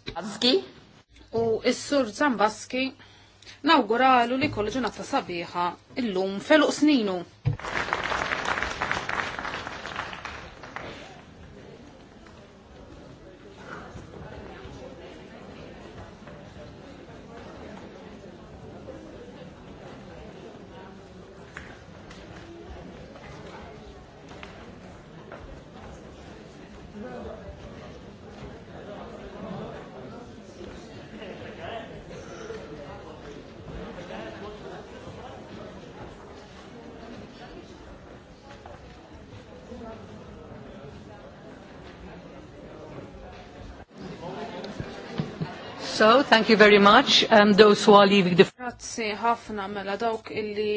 U s-sur Zambaski nawguralu li kollu ta' sabiħa illum feluq sninu. so, thank you very much. Um, those who are leaving the... Grazzi ħafna mela dawk illi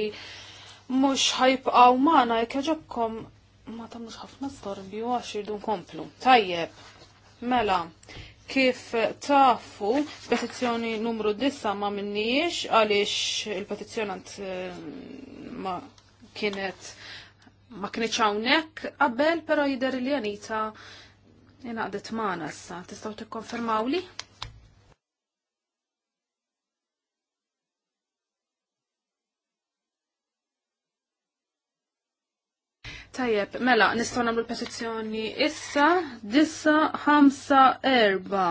mux ħajbqaw maħna jkeġobkom ma tamux ħafna u għax irdu nkomplu. Tajjeb, mela, kif tafu petizzjoni numru 9 ma minniex għaliex il-petizzjonant eh, ma kienet ma kienet hawnhekk qabel però jidher li Anita inaqdet magħna issa. Tistgħu tikkonfermawli? Tajjeb, mela, nistgħu nagħmlu petizzjoni issa disa ħamsa erba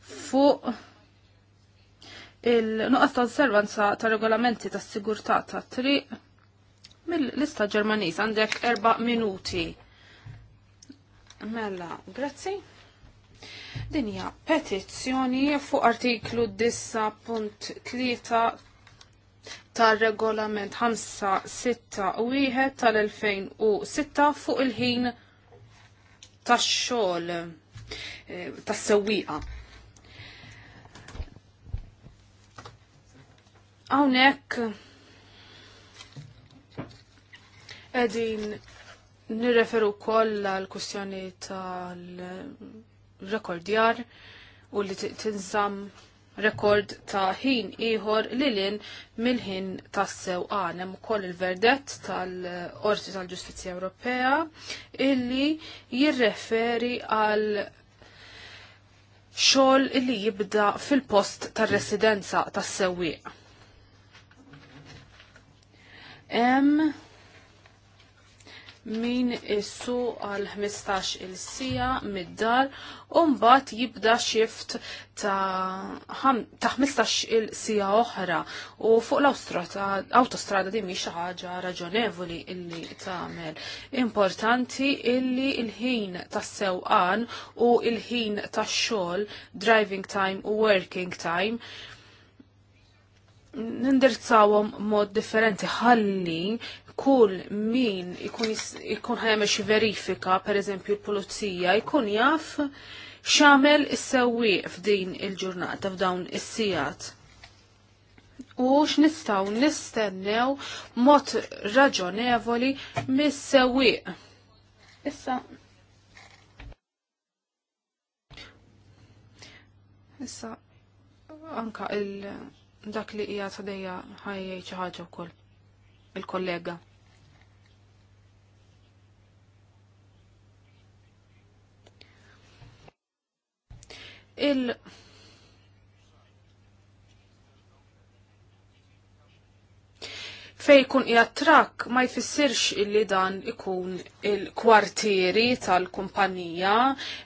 fuq il-nuqqas ta' osservanza ta' regolamenti ta' sigurtà ta' triq mill-lista Ġermaniż għandek erba minuti. Mela, grazzi. Dinja petizzjoni fuq artiklu 10.3 tar-regolament 5-6-1 tal-2006 fuq il-ħin tax-xogħol eh, tas-sewwieqa. Hawnhekk qegħdin nirreferu wkoll għall kwistjoni tal-rekordjar u li tinżamm rekord ta' ħin ieħor li lin mill-ħin tas għan hemm ukoll il-verdett tal-Qorti tal-Ġustizzja Ewropea illi jirreferi għal xogħol illi jibda fil-post tar-residenza tas-sewwieq. Hemm min issu għal 15 il-sija mid-dar u mbagħad jibda xift ta' 15 il-sija oħra u fuq l-autostrada di mhix xi ħaġa raġonevoli illi tagħmel. Importanti illi il-ħin tas-sewqan u il-ħin tax-xogħol driving time u working time nindirizzawhom mod differenti ħalli kull min ikun, ikun ħajamel verifika, per eżempju l-pulizija, jkun jaf xamel is sewi f'din il-ġurnata f'dawn is-sijat. U x'nistgħu nistennew mod raġonevoli mis-sewwieq. Issa Issa anka il dak li hija għadija ħajjej xi ħaġa wkoll il-kollega. Il- fej kun jattrak ma jfissirx illi dan ikun il-kwartieri tal-kumpanija,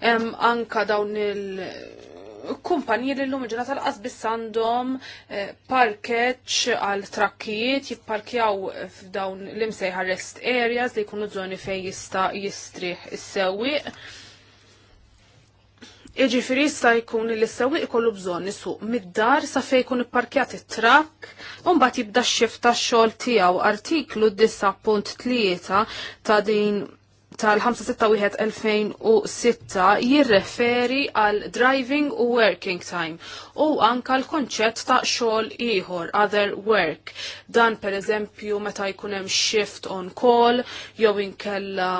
hemm anka dawn il- kumpanji li l-lum ġurnata l-qas sandom eh, parkeċ għal trakkijiet jipparkjaw f'dawn l-imsejħa rest areas li jkunu zoni fej jista jistriħ is-sewiq. Iġifiri jista jkun li s-sewiq ikollu bżon nisuq mid-dar sa fej jkun ipparkjat it-trakk, bat jibda x-xifta xol tijaw artiklu 10.3 ta' din tal-561-2006 jirreferi għal driving u working time u anka l-konċett ta' xogħol ieħor other work. Dan per eżempju meta jkun hemm shift on call jew inkella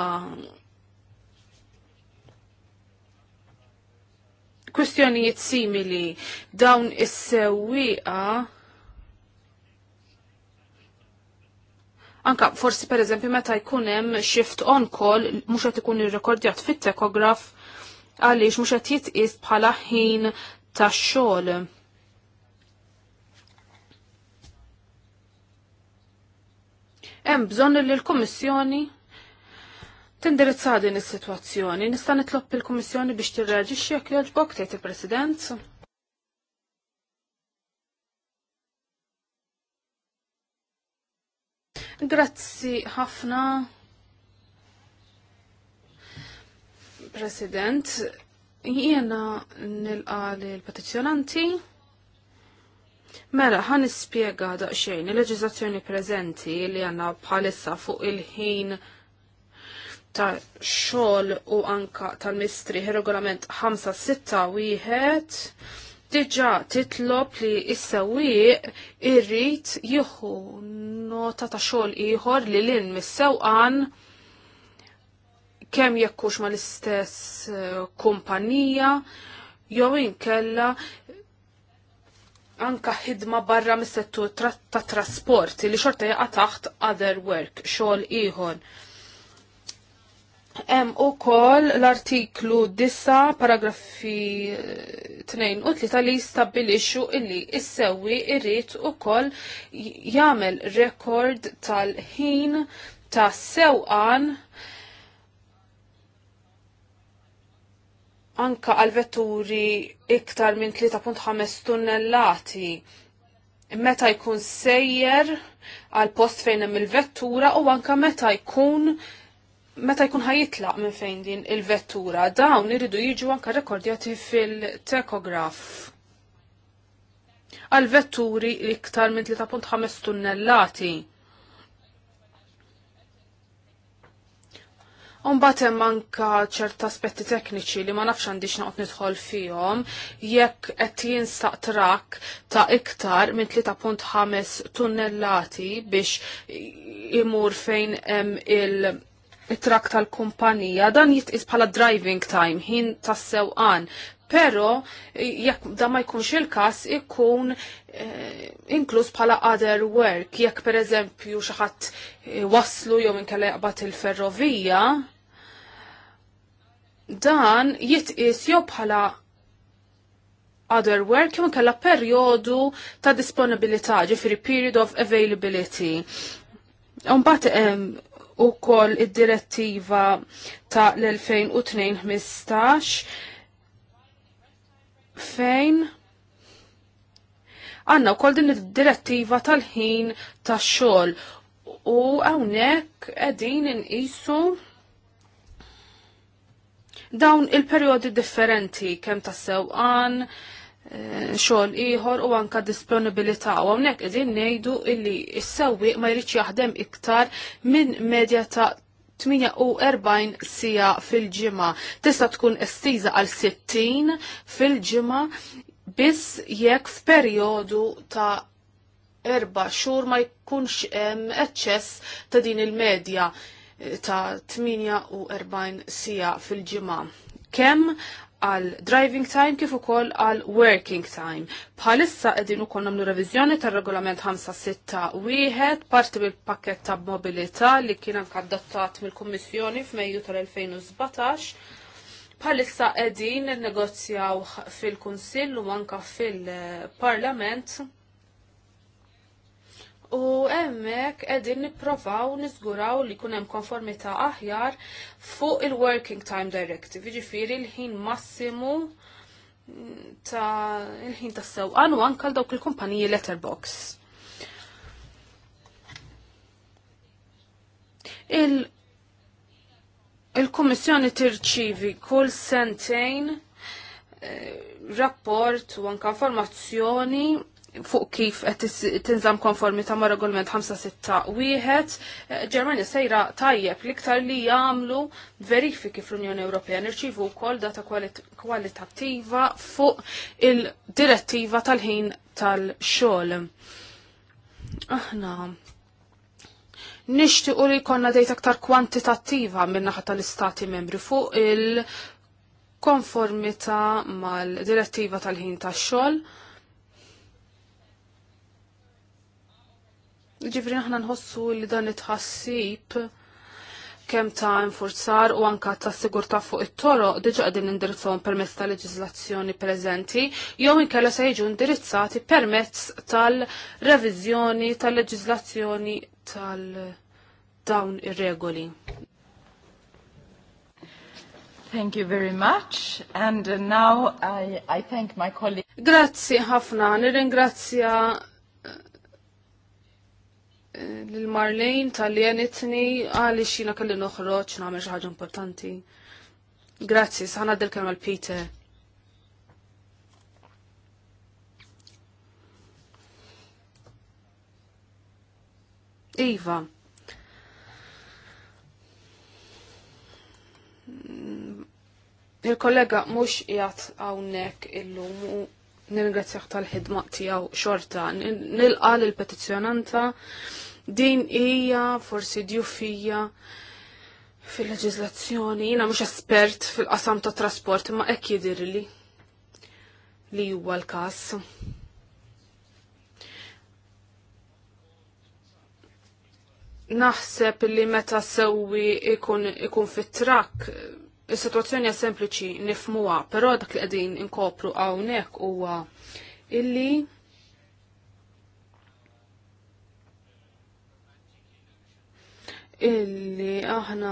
kwistjonijiet simili dawn is-sewwieqa Anka forsi per eżempju meta jkun hemm shift on call mhux qed ikun irrekordjat fit-tekograf għaliex mhux qed jitqies bħala ħin tax-xogħol. Hemm bżonn li l-Kummissjoni tindirizza din is-sitwazzjoni. Nista' nitlob il-Kummissjoni biex tirreġixxi jekk jogħġbok tgħid il-President. Grazzi ħafna. President, jiena nilqa l-petizjonanti. Mela, ħan ispiega daqxejn il-leġizazzjoni preżenti li għanna bħalissa fuq il-ħin ta' xol u anka tal-mistri regolament 5-6 wieħed diġa titlob li is-sewwieq irrid jieħu nota ta' xogħol ieħor li lin mis-sewqan kemm jekkux mal-istess eh, kumpanija jew inkella anka ħidma barra mis-settur ta' trasport li xorta jaqa' taħt other work xogħol ieħor. Hemm ukoll l-artiklu 9 paragrafi 2 eh, u 3 li jistabbilixxu illi issewwi irrid ukoll jagħmel rekord tal-ħin ta' sewqan anka għal vetturi iktar minn 3.5 tunnellati meta jkun sejjer għal post fejn hemm il-vettura u anka meta jkun meta jkun ħajitlaq minn fejn din il-vettura, dawn iridu jiġu anka rekordjati fil-tekograf. Għal vetturi iktar minn 3.5 tunnellati. Umbat hemm anka ċerta aspetti tekniċi li ma nafx għandix naqgħod nidħol fihom jekk qed jinsaq trak ta' iktar minn 3.5 tunnellati biex imur fejn hemm il- it-trak tal-kumpanija, dan jitqis bħala driving time, ħin tas-sewqan. Pero, jekk da ma jkunx il-kas, ikun eh, inkluż bħala other work. Jekk per eżempju xaħat eh, waslu jew inkella jaqbad il-ferrovija, dan jitqis jew bħala other work jew inkella perjodu ta' disponibilità, ġifieri period of availability. um, u kol id-direttiva ta' l-2015 fejn għanna u kol din id-direttiva tal-ħin ta' xol u għawnek għedin inqisu dawn il-periodi differenti kem ta' sewqan, xogħol ieħor u anka disponibilità u hawnhekk qegħdin ngħidu illi s-sewwieq ma jridx jaħdem iktar minn medja ta' 48 sija fil-ġimgħa. Tista' tkun estiża għal 60 fil-ġimgħa biss jekk f'perjodu ta' erba' xhur ma jkunx hemm eċċess ta' din il-medja ta' 48 sija fil-ġimgħa. Kemm għal driving time kif ukoll għal working time. Bħalissa qegħdin ukoll nagħmlu reviżjoni tar-regolament wieħed parti mill-pakket ta' mobilità li kien anke adattat mill-Kummissjoni f'Mejju tal-2017. Bħalissa qegħdin negozjaw fil-Kunsill u anke fil-Parlament u hemmhekk qegħdin nipprovaw niżguraw li jkun hemm konformità aħjar fuq il-Working Time Directive, jiġifieri l-ħin massimu ta' il-ħin tas sewqan u anke dawk il-kumpaniji letterbox. Il- Il-Kummissjoni tirċivi kull sentejn eh, rapport u anka informazzjoni fuq kif tinżam regolment 5 regolament wieħed, eh, Ġermanja sejra tajjeb liktar li jagħmlu verifiki fl-Unjoni Ewropea nirċivu wkoll data kwalitattiva fuq il-direttiva tal-ħin tal-xogħol. Aħna nixtiequ li jkollna dejta aktar kwantitattiva minn naħa tal-istati membri fuq il-konformita mal-direttiva tal-ħin tax-xogħol Ġifri aħna nħossu li dan it-ħassib kem ta' infurzar u anka ta' sigurta fuq it-toro diġa għedin indirizzom permezz ta' leġizlazzjoni preżenti, jew inkella se jiġu indirizzati permezz tal-reviżjoni tal-leġizlazzjoni tal-dawn ir-regoli. Thank you very much. And now I, I thank my colleague. Grazzi ħafna, nirringrazzja l-Marlejn tal-li għalli xina kalli noħroċ namel xaħġa importanti. Grazzi, saħna d kelma l-Peter. Iva. Il-kollega mux jgħat għawnek il-lum u nirgrazzjaħ tal-ħidma tijaw xorta. Nil-għal il petizjonanta Din hija forsi djufija fil-leġizlazzjoni, jina mhux espert fil-qasam ta' trasport, ma hekk jidirli li huwa l-każ. Naħseb li meta sewwi ikun, ikun fit-trakk Is-sitwazzjoni hija sempliċi nifmuha, però dak li qegħdin inkopru hawnhekk huwa illi illi aħna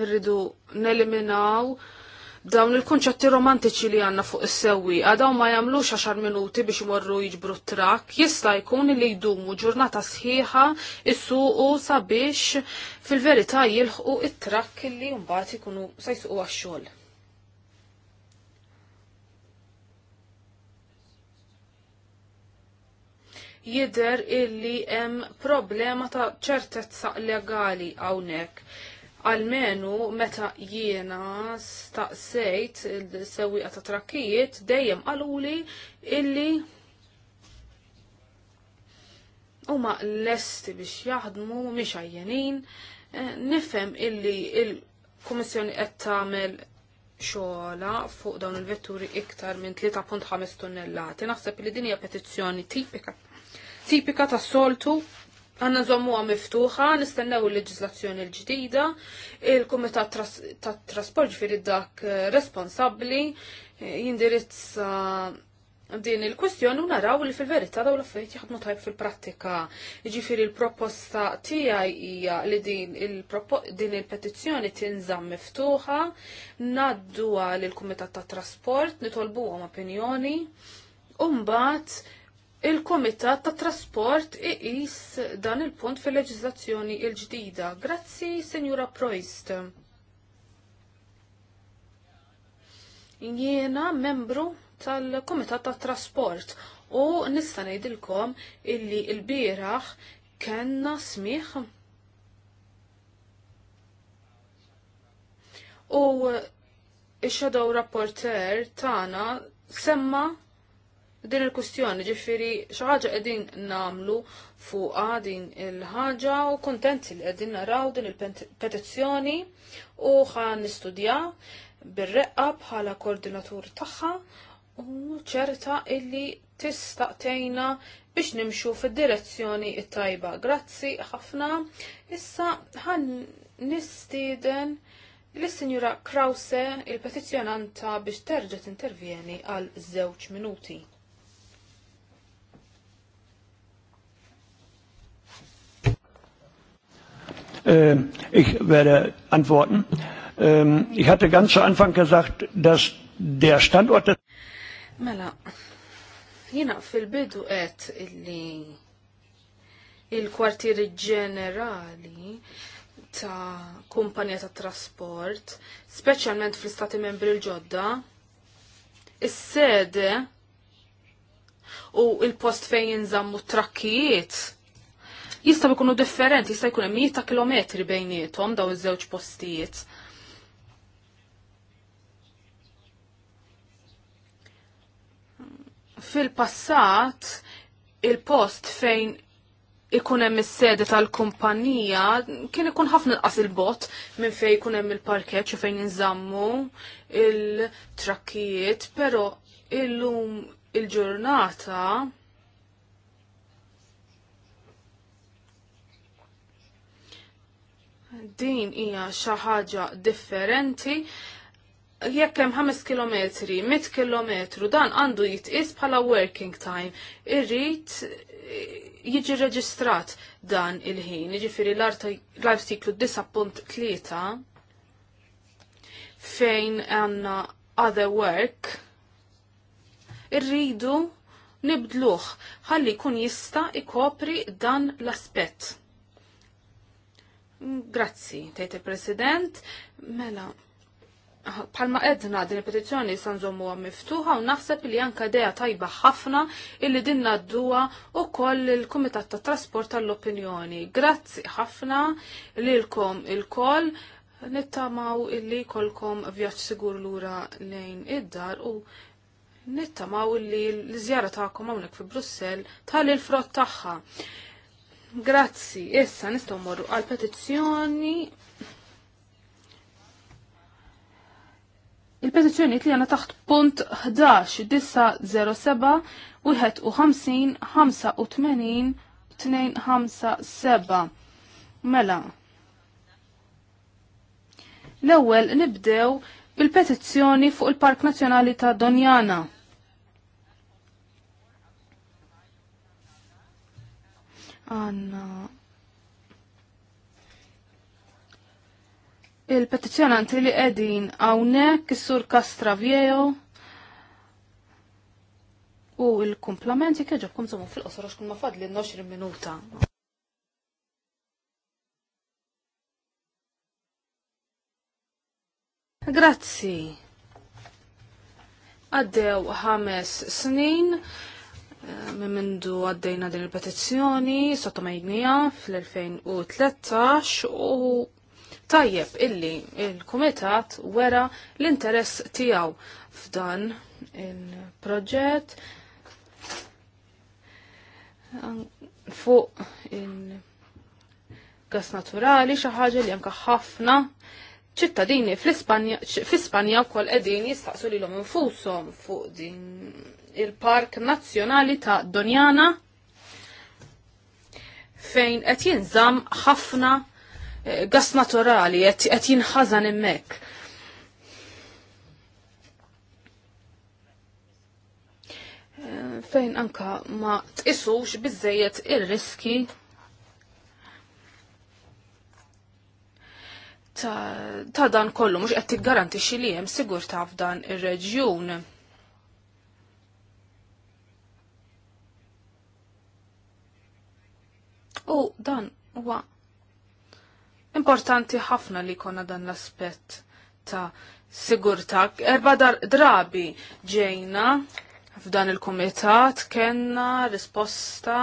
rridu neliminaw dawn il-konċetti romantiċi li għanna fuq is-sewwi, għadaw ma jagħmlux għaxar minuti biex imorru jiġbru trakk jista' jkun li jdumu ġurnata sħiħa issuqu sabiex fil-verità jilħqu it trakk li mbagħad ikunu se jsuqu għax-xogħol. jider illi hemm problema ta' ċertezza legali hawnhekk. Almenu meta jiena staqsejt il-sewwieqa ta' trakkijiet dejjem qaluli illi huma lesti biex jaħdmu mhix għajjenin, eh, nifhem illi il-Kummissjoni qed tagħmel xogħla fuq dawn il-vetturi iktar minn 3.5 tonnellati. Naħseb li din hija petizzjoni tipika tipika ta' soltu għanna zommu miftuħa, nistennew il-leġislazzjoni l-ġdida, il-Komitat ta' Trasport ġifiri dak eh, responsabli eh, jindirizza din il-kwestjoni u naraw li fil-verità daw l-affarijiet jaħdmu tajb fil-prattika. Ġifiri il-proposta tiegħi hija li din il-petizzjoni tinżamm miftuħa, naddu għal il-Kumitat ta' Trasport, nitolbuhom opinjoni, u mbagħad il-Komitat ta' Trasport iqis dan il-punt fil-leġizlazzjoni il-ġdida. Grazzi, Senjura Proist. Jiena membru tal-Komitat ta' Trasport u nista' ngħidilkom illi l-bieraħ kellna smiħ u ix-shadow rapporter tagħna semma din il-kustjoni ġifiri xaħġa edin namlu fuq din il-ħaġa u kontenti li għedin naraw din il-petizzjoni u ħan nistudja bil-reqqa bħala koordinatur taħħa u ċerta illi tistaqtejna biex nimxu fil-direzzjoni it-tajba. Grazzi ħafna. Issa ħan nistiden l-Sinjura Krause, il-petizjonanta biex terġa' intervjeni għal żewġ minuti. Äh, ich werde antworten. Ähm, ich hatte ganz zu Anfang gesagt, dass der Standort des... Mela, jina fil-bidu qed illi il-kwartieri ġenerali ta' kumpanija ta' trasport, speċjalment fl-istati membri l-ġodda, is-sede u il-post fejn jinżammu trakkijiet jistaw ikunu differenti, jista' jkun hemm ta' kilometri bejniethom daw iż-żewġ postijiet. Fil-passat, il-post fejn ikun hemm is-sede tal-kumpanija kien ikun ħafna qas il-bot minn fejn ikun hemm il-parkeġġ u fejn inżammu il-trakkijiet, però illum il-ġurnata il ġurnata din hija xi ħaġa differenti jekk hemm 5 km, 100 km, dan għandu jitqis bħala working time. Irrid jiġi reġistrat dan il-ħin, jiġifieri l-artiklu 9.3 fejn għandna other work irridu nibdluh ħalli jkun jista' ikopri dan l-aspett. Grazzi, tejt il-President. Mela, palma edna din il-petizjoni sanżommu miftuħa u naħseb li anka deja tajba ħafna illi din dua u koll il-Komitat ta' Trasport tal-Opinjoni. Grazzi ħafna lilkom il-koll nittamaw illi kolkom vjaċ sigur lura lejn id-dar u nittamaw illi l-żjara ta'kom hawnhekk fi Brussel tal il-frott tagħha. Grazzi, issa nistgħu morru għal petizzjoni. Il-petizzjoni li għana taħt punt 11 u 51 Mela. L-ewwel nibdew bil-petizzjoni fuq il-Park Nazzjonali ta' Donjana. għanna il-petizjonanti li qegħdin hawnhekk is-sur Kastra Viejo u l-kumplamenti kieġobkom zomu fil-qosor għax kun ma fadli 20 minuta. Grazzi. Għaddew ħames snin Min mindu għaddejna din il-petizzjoni sottomajnija fl-2013 u tajjeb illi il-Kumitat wera l-interess tiegħu f'dan il-proġett fuq il-gas naturali xi ħaġa li jemka ħafna ċittadini fl-Ispanja u kol wkoll qegħdin li l infushom fuq din il-Park Nazzjonali ta' Donjana fejn qed jinżamm ħafna eh, gas naturali qed jinħażan hemmhekk. Eh, fejn anka ma tqisux biżejjed ir-riski ta', ta dan kollu mhux qed tiggarantixxi li hemm sigurtà f'dan ir-reġjun Importanti ħafna li konna dan l-aspett ta' sigurta. Erba dar drabi ġejna f'dan il-kumitat kenna risposta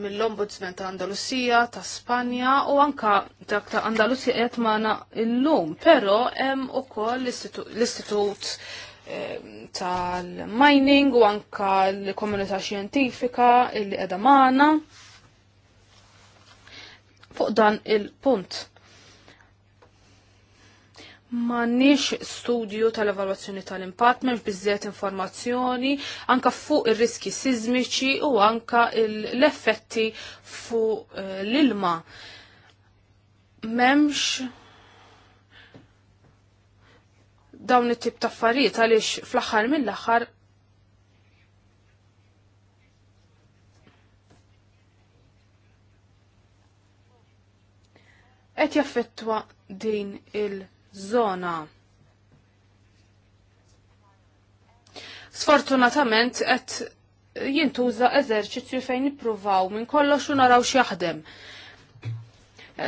mill-Ombudsman ta' Andalusija, ta' Spanja u anka dak ta' Andalusija qed magħna illum, però hemm ukoll l-Istitut eh, tal-mining u anka l-komunità xjentifika illi qiegħda magħna fuq dan il-punt. M'għandniex studju tal-evalwazzjoni tal-impatt, m'hemmx biżżejjed informazzjoni anka fuq ir-riski sismiċi u anka l-effetti fuq eh, l-ilma. M'hemmx dawn it-tip ta' affarijiet għaliex fl-aħħar mill-aħħar qed jaffettwa din il- zona. Sfortunatament qed jintuża eżerċizzju fejn nippruvaw minn kollox u naraw x'jaħdem.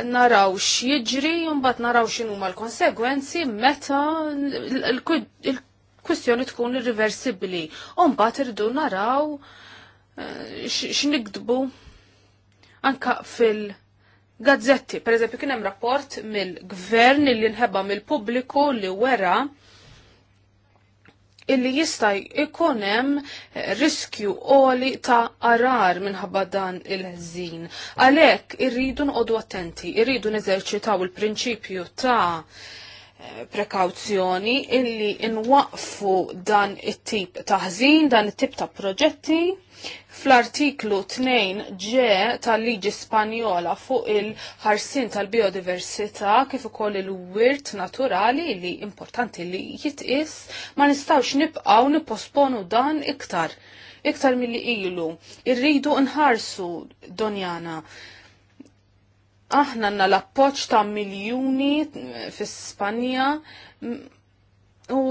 Naraw x'jiġri u mbagħad naraw x'inhuma l-konsegwenzi meta l kwistjoni tkun irriversibbli. U mbagħad irdu naraw eh, x'nikdbu anka fil- gazzetti. Per eżempju, kien hemm rapport mill-gvern li nħebba mill-pubbliku li wera illi jista' ikun hemm eh, riskju qoli ta' arar minħabba dan il-ħżin. Għalhekk irridu noqogħdu attenti, irridu neżerċitaw il-prinċipju ta' Eh, prekawzjoni illi inwaqfu dan it-tip ta' ħżin, dan it-tip ta' proġetti fl-artiklu 2 ġe tal-liġi Spanjola fuq il-ħarsin tal-biodiversità kif ukoll il-wirt naturali li importanti li jitqis ma nistawx nibqaw nipposponu dan iktar iktar mill-li ilu. Irridu nħarsu donjana Aħna għanna l-appoċ ta' miljoni fis-Spanja u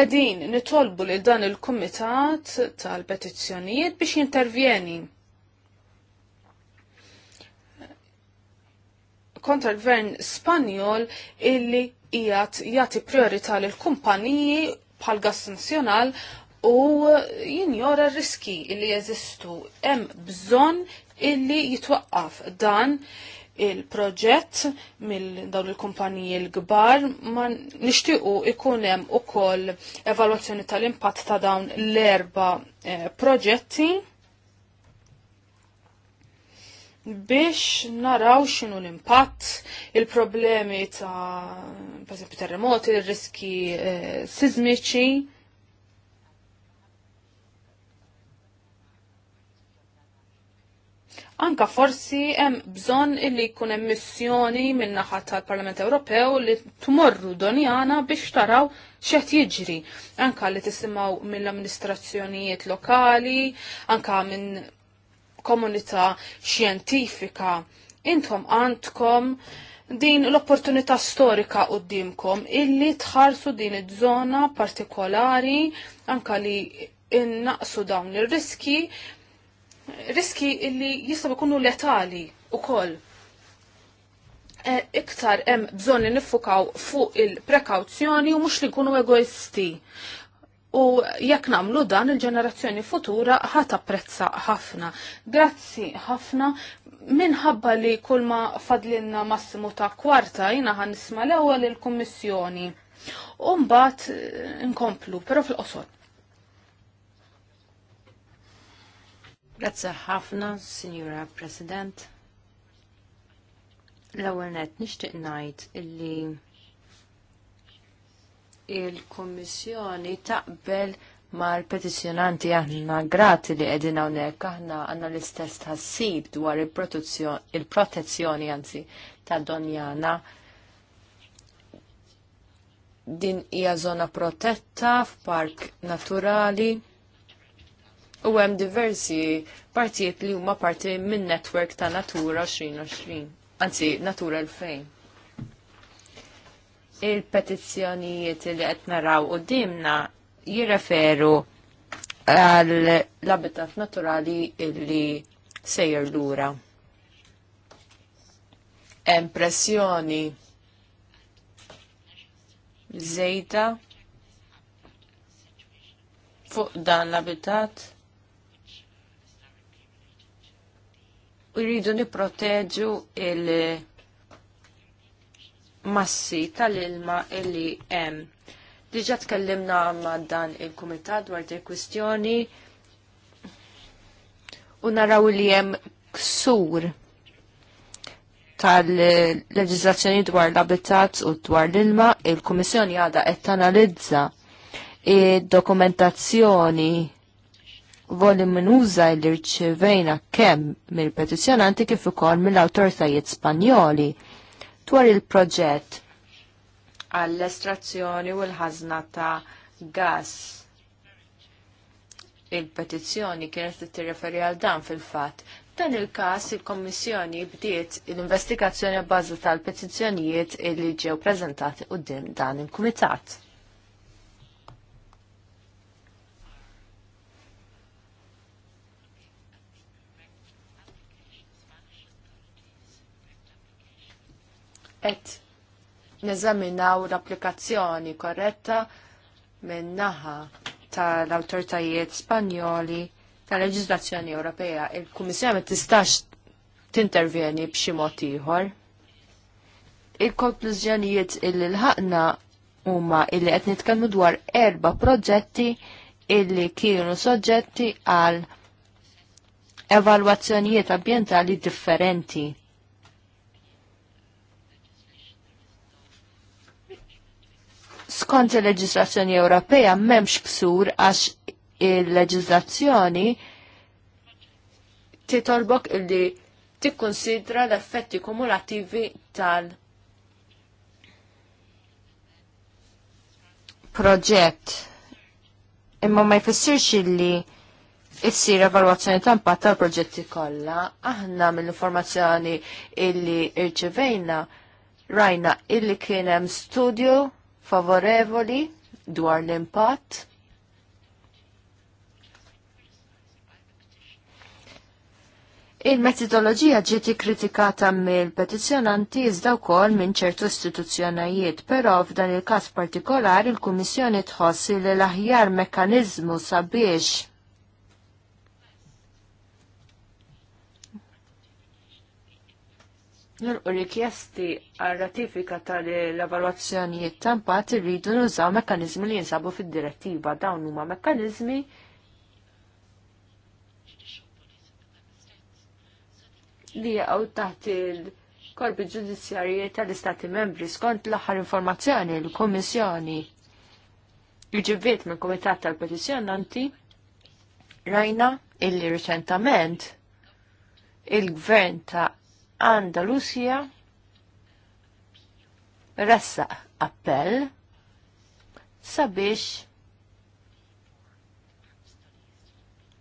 edin nitolbu li dan il-Kumitat tal-Petizzjonijiet biex jintervjeni. kontra l-gvern Spanjol illi ijat jati priorità l kumpaniji bħal gas nazjonal u jinjora riski illi jeżistu. Hemm bżonn illi jitwaqqaf dan il-proġett mill dawn il-kumpaniji l-kbar ma nixtiequ ikun hemm ukoll evalwazzjoni tal-impatt ta' dawn l-erba' eh, proġetti biex naraw xinu l-impatt, il-problemi ta' terremoti, il-riski eh, sismiċi Anka forsi hemm bżonn illi jkun hemm missjoni min-naħa tal-Parlament Ewropew li tmorru donjana biex taraw x'qed jiġri. Anka li tisimgħu mill-amministrazzjonijiet lokali, anka minn komunità xjentifika. Intom għandkom din l-opportunità storika qoddimkom illi tħarsu din iż-żona partikolari anka li innaqsu dawn ir-riski riski illi jistab ikunu letali u koll. E, iktar hemm bżon li niffukaw fuq il-prekawzjoni u mhux li kunu egoisti. U jekk nagħmlu dan il-ġenerazzjoni futura ħat apprezza ħafna. Grazzi ħafna minħabba li kulma fadlinna massimu ta' kwarta jina ħan nisma l-ewwel il-Kummissjoni. U mbagħad eh, nkomplu, però fil qosot Grazzi ħafna, Signora President. L-ewwel net nixtieq ngħid illi il kummissjoni taqbel mal petizzjonanti aħna grati li qegħdin hawnhekk aħna għandna l-istess tħassib dwar il-protezzjoni anzi ta' Donjana. Din hija żona protetta f'park naturali u hemm diversi partijiet li huma parti minn netwerk ta' Natura 2020, anzi Natura 2000. Il-petizzjonijiet li qed naraw dimna jirreferu għal abitat naturali illi sejjer lura. Impressjoni zejta fuq dan l-abitat u jridu niproteġu il-massi tal-ilma illi hemm. Diġa tkellimna ma' dan il-kumitat dwar il kwistjoni u naraw li hemm ksur tal-leġizzazzjoni dwar l-abitat u dwar l-ilma, il-Kummissjoni għada qed tanalizza id-dokumentazzjoni voluminuża li rċivejna kemm mill-petizzjonanti kif ukoll mill-awtoritajiet Spanjoli dwar il-proġett għall-estrazzjoni u l-ħażna ta' gas. Il-petizzjoni kienet tirreferi għal dan fil-fatt. Dan il-każ il-Kommissjoni bdiet l-investigazzjoni bbażata tal-petizzjonijiet li ġew preżentati qudiem dan il-Kumitat. qed neżaminaw l-applikazzjoni korretta minn naħa tal-awtoritajiet Spanjoli tal leġislazzjoni Ewropea. Il-Kummissjoni ma tistax tintervjeni b'xi mod ieħor. Il-konklużjonijiet illi l-ħaqna huma illi qed nitkellmu dwar erba' proġetti illi kienu soġġetti għal evalwazzjonijiet ambjentali differenti. skont il-leġislazzjoni Ewropea m'hemmx ksur għax il-leġislazzjoni titolbok illi tikkonsidra l-effetti kumulattivi tal- proġett imma ma jfissirx illi issir evalwazzjoni ta' impatt tal-proġetti kollha, aħna mill-informazzjoni illi irċevejna rajna illi kien hemm studju favorevoli dwar l-impatt Il-metodoloġija ġiet kritikata mill-petizzjonanti iżda wkoll minn ċertu istituzzjonijiet, però f'dan il-każ partikolari il-Kummissjoni tħossi li l-aħjar mekkaniżmu sabiex u rikjesti għal ratifika tal-evaluazzjonijiet ta' irridu nużaw mekkaniżmi li jinsabu fid-direttiva dawn huma mekkanizmi li għaw taħt il korbi ġudizzjarji tal-Istati membri skont l-aħħar informazzjoni l-Kummissjoni irġibiet minn Kumitat tal-Petizzjonanti rajna illi riċentament il-gvern ta' Andalusija ressa appell sabiex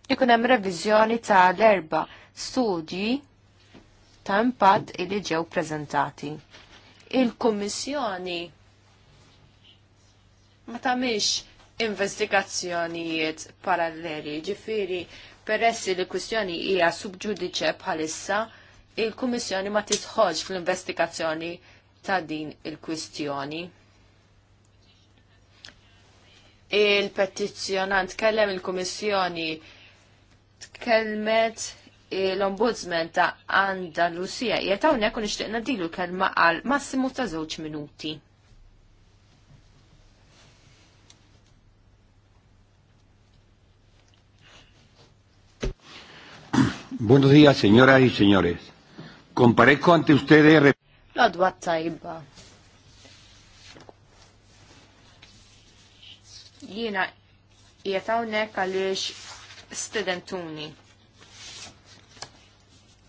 ikun hemm reviżjoni ta' l-erba studji ta' impatt li ġew preżentati. Il-Kummissjoni ma tagħmilx investigazzjonijiet paralleli, ġifieri peressi li kwistjoni hija subġudice bħalissa il-Kummissjoni ma titħolx fl-investigazzjoni ta' din il-kwistjoni. Il-petizzjonant kellem il-Kummissjoni tkellmet l-Ombudsman ta' Andalusija. Jetaw nekun ixtiqna dilu kelma għal massimu ta' żewġ minuti. Buenos días, señoras y señores. Comparezco ante ustedes... L-għadwa tajba. Jiena jetawnek għaliex studentuni.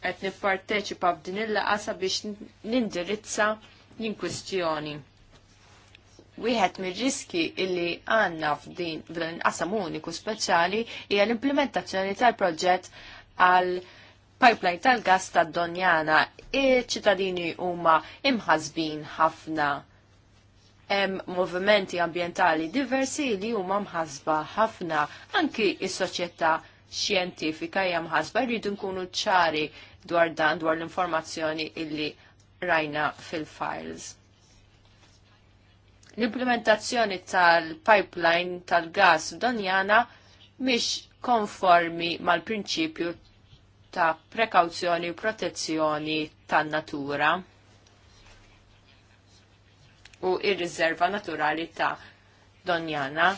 Għet nipparteċipa b'din il-laqasa biex nindirizza l-inkwistjoni. Wieħed mir-riski illi għanna f'din f'dan qasam uniku speċjali hija l-implementazzjoni tal-proġett għal, -proġett pipeline tal-gas tad-Donjana. il ċittadini huma imħazbin ħafna hemm movimenti ambientali diversi li huma mħasba ħafna anki is-soċjetà xjentifika hija mħasba rridu nkunu ċari dwar dan dwar l-informazzjoni illi rajna fil-files l-implementazzjoni tal-pipeline tal-gas donjana mhix konformi mal-prinċipju ta' prekawzjoni u protezzjoni tan-natura u ir-riserva naturali ta' Donjana.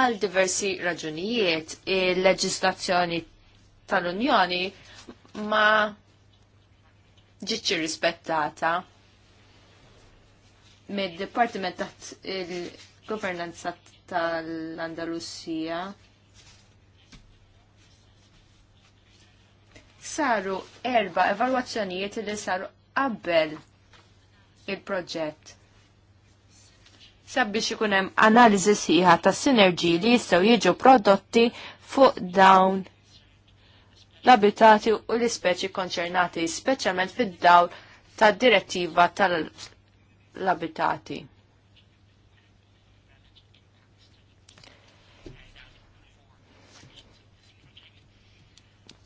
Għal diversi raġunijiet, il-leġislazzjoni tal-Unjoni ma ġiċi rispettata mid-Departiment il-Governanza tal-Andalusija. saru erba evalwazzjonijiet li saru qabel il-proġett sabiex ikun hemm analiżi sħiħa ta' sinerġiji li jistgħu jiġu prodotti fuq dawn l-abitati u l-ispeċi konċernati, speċjalment fid-dawl tad direttiva tal-abitati.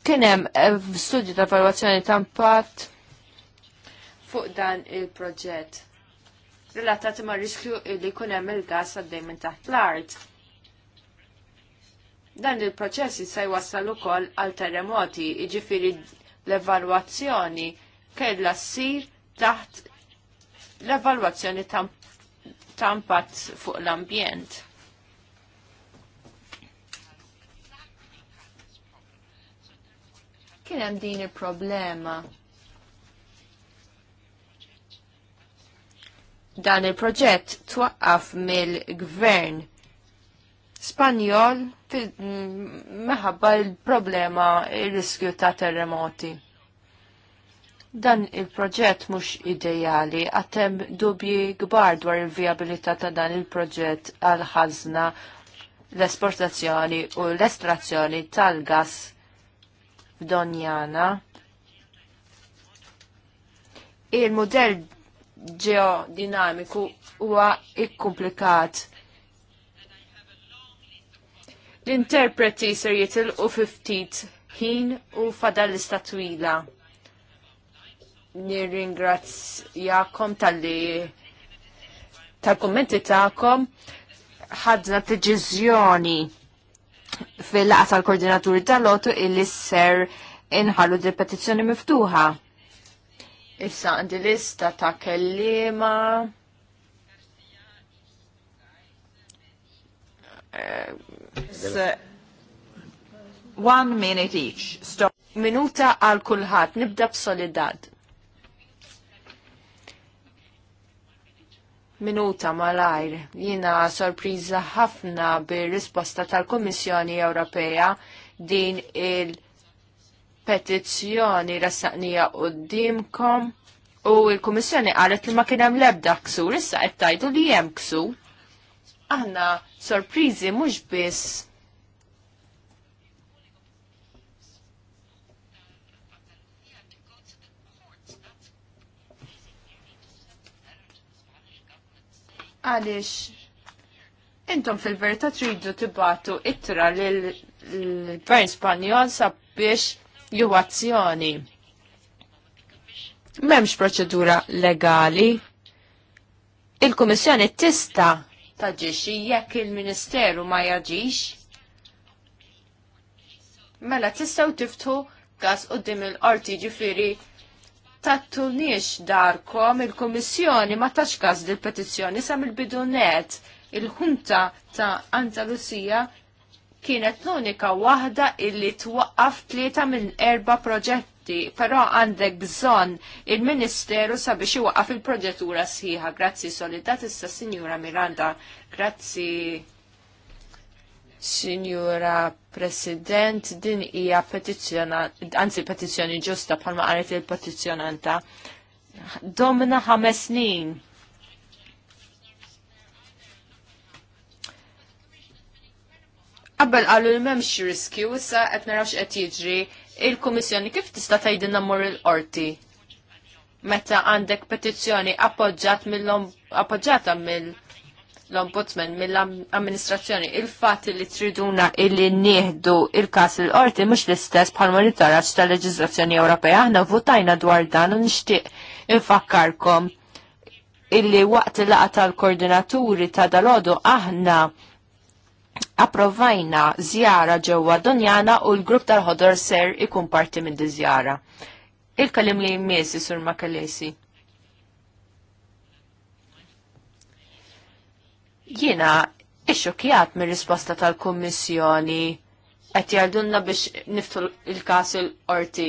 Kien hemm studju ta' valwazzjoni ta' impatt fuq dan il-proġett relatati ma' riskju li jkun hemm il-gas għaddej minn taħt l-art. Dan il-proċess jista' jwassal ukoll għal terremoti, jiġifieri l-evalwazzjoni kellha ssir taħt l-evalwazzjoni ta' impatt fuq l-ambjent. kien hemm din il-problema. Dan il-proġett twaqqaf mill-gvern Spanjol meħabba il-problema il-riskju ta' terremoti. Dan il-proġett mhux ideali, għatem dubji kbar dwar il-viabilità ta' dan il-proġett għal ħazna l-esportazzjoni u l-estrazzjoni tal-gas f'Donjana. Il-modell ġeodinamiku huwa ikkumplikat. L-interpreti ser jitilqu ftit ħin u fadal lista twila. Nirringrazzjakom tal-li tal-kommenti ta'kom ħadna deċiżjoni fil-laqa tal-koordinaturi tal-lotu illi ser inħallu di petizzjoni miftuħa. Issa għandi lista ta' kellima. Eh, one minute each. Stop. Minuta għal kulħadd nibda b'solidad. Minuta malajr, jina sorpriza ħafna bir-risposta tal komissjoni Ewropea din il-petizzjoni rassaqnija dimkom u il komissjoni qalet li ma kien hemm lebda ksur, issa qed li hemm ksur. Aħna sorpriżi mhux biss Għaliex intom fil-verità tridu tibatu ittra lill-Gvern Spanjol sabiex ju azzjoni. M'hemmx proċedura legali. Il-Kummissjoni tista' taġġiex jekk il-Ministeru ma jaġix. Mela tistgħu tiftu gas qudiem il-qorti ġifieri tattunix darkom il kommissjoni ma tax dil-petizzjoni sam il-bidunet il-ħunta ta' Andalusija kienet l-unika waħda illi twaqqaf tlieta minn erba proġetti, però għandek bżonn il-Ministeru sabiex iwaqqaf il-proġettura sħiħa. Grazzi Solidat issa Sinjura Miranda. Grazzi. Sinjura President, din hija petizzjona, anzi petizzjoni ġusta bħalma qalet il-petizzjonanta. Domna ħames snin. Qabel qalu li m'hemmx riskju, issa qed narawx qed jiġri il-Kummissjoni kif tista' tgħidilna mmur il-qorti? Meta għandek petizzjoni appoġġat mill appoġġata mill l-ombudsman mill-amministrazzjoni il-fat li triduna illi nieħdu il-kas il-qorti mhux l-istess bħal monitoraġġ tal leġizrazzjoni Ewropea. Aħna votajna dwar dan u nixtieq infakkarkom illi waqt il-laqa tal-koordinaturi ta' dalodu aħna approvajna zjara ġewwa Donjana u l-grupp tal-ħodor ser ikun parti minn di zjara. Il-kalim li jmiesi sur kalesi. Jiena ixxokjat mir-risposta tal-Kummissjoni qed jardunna biex niftu il-każ il-qorti.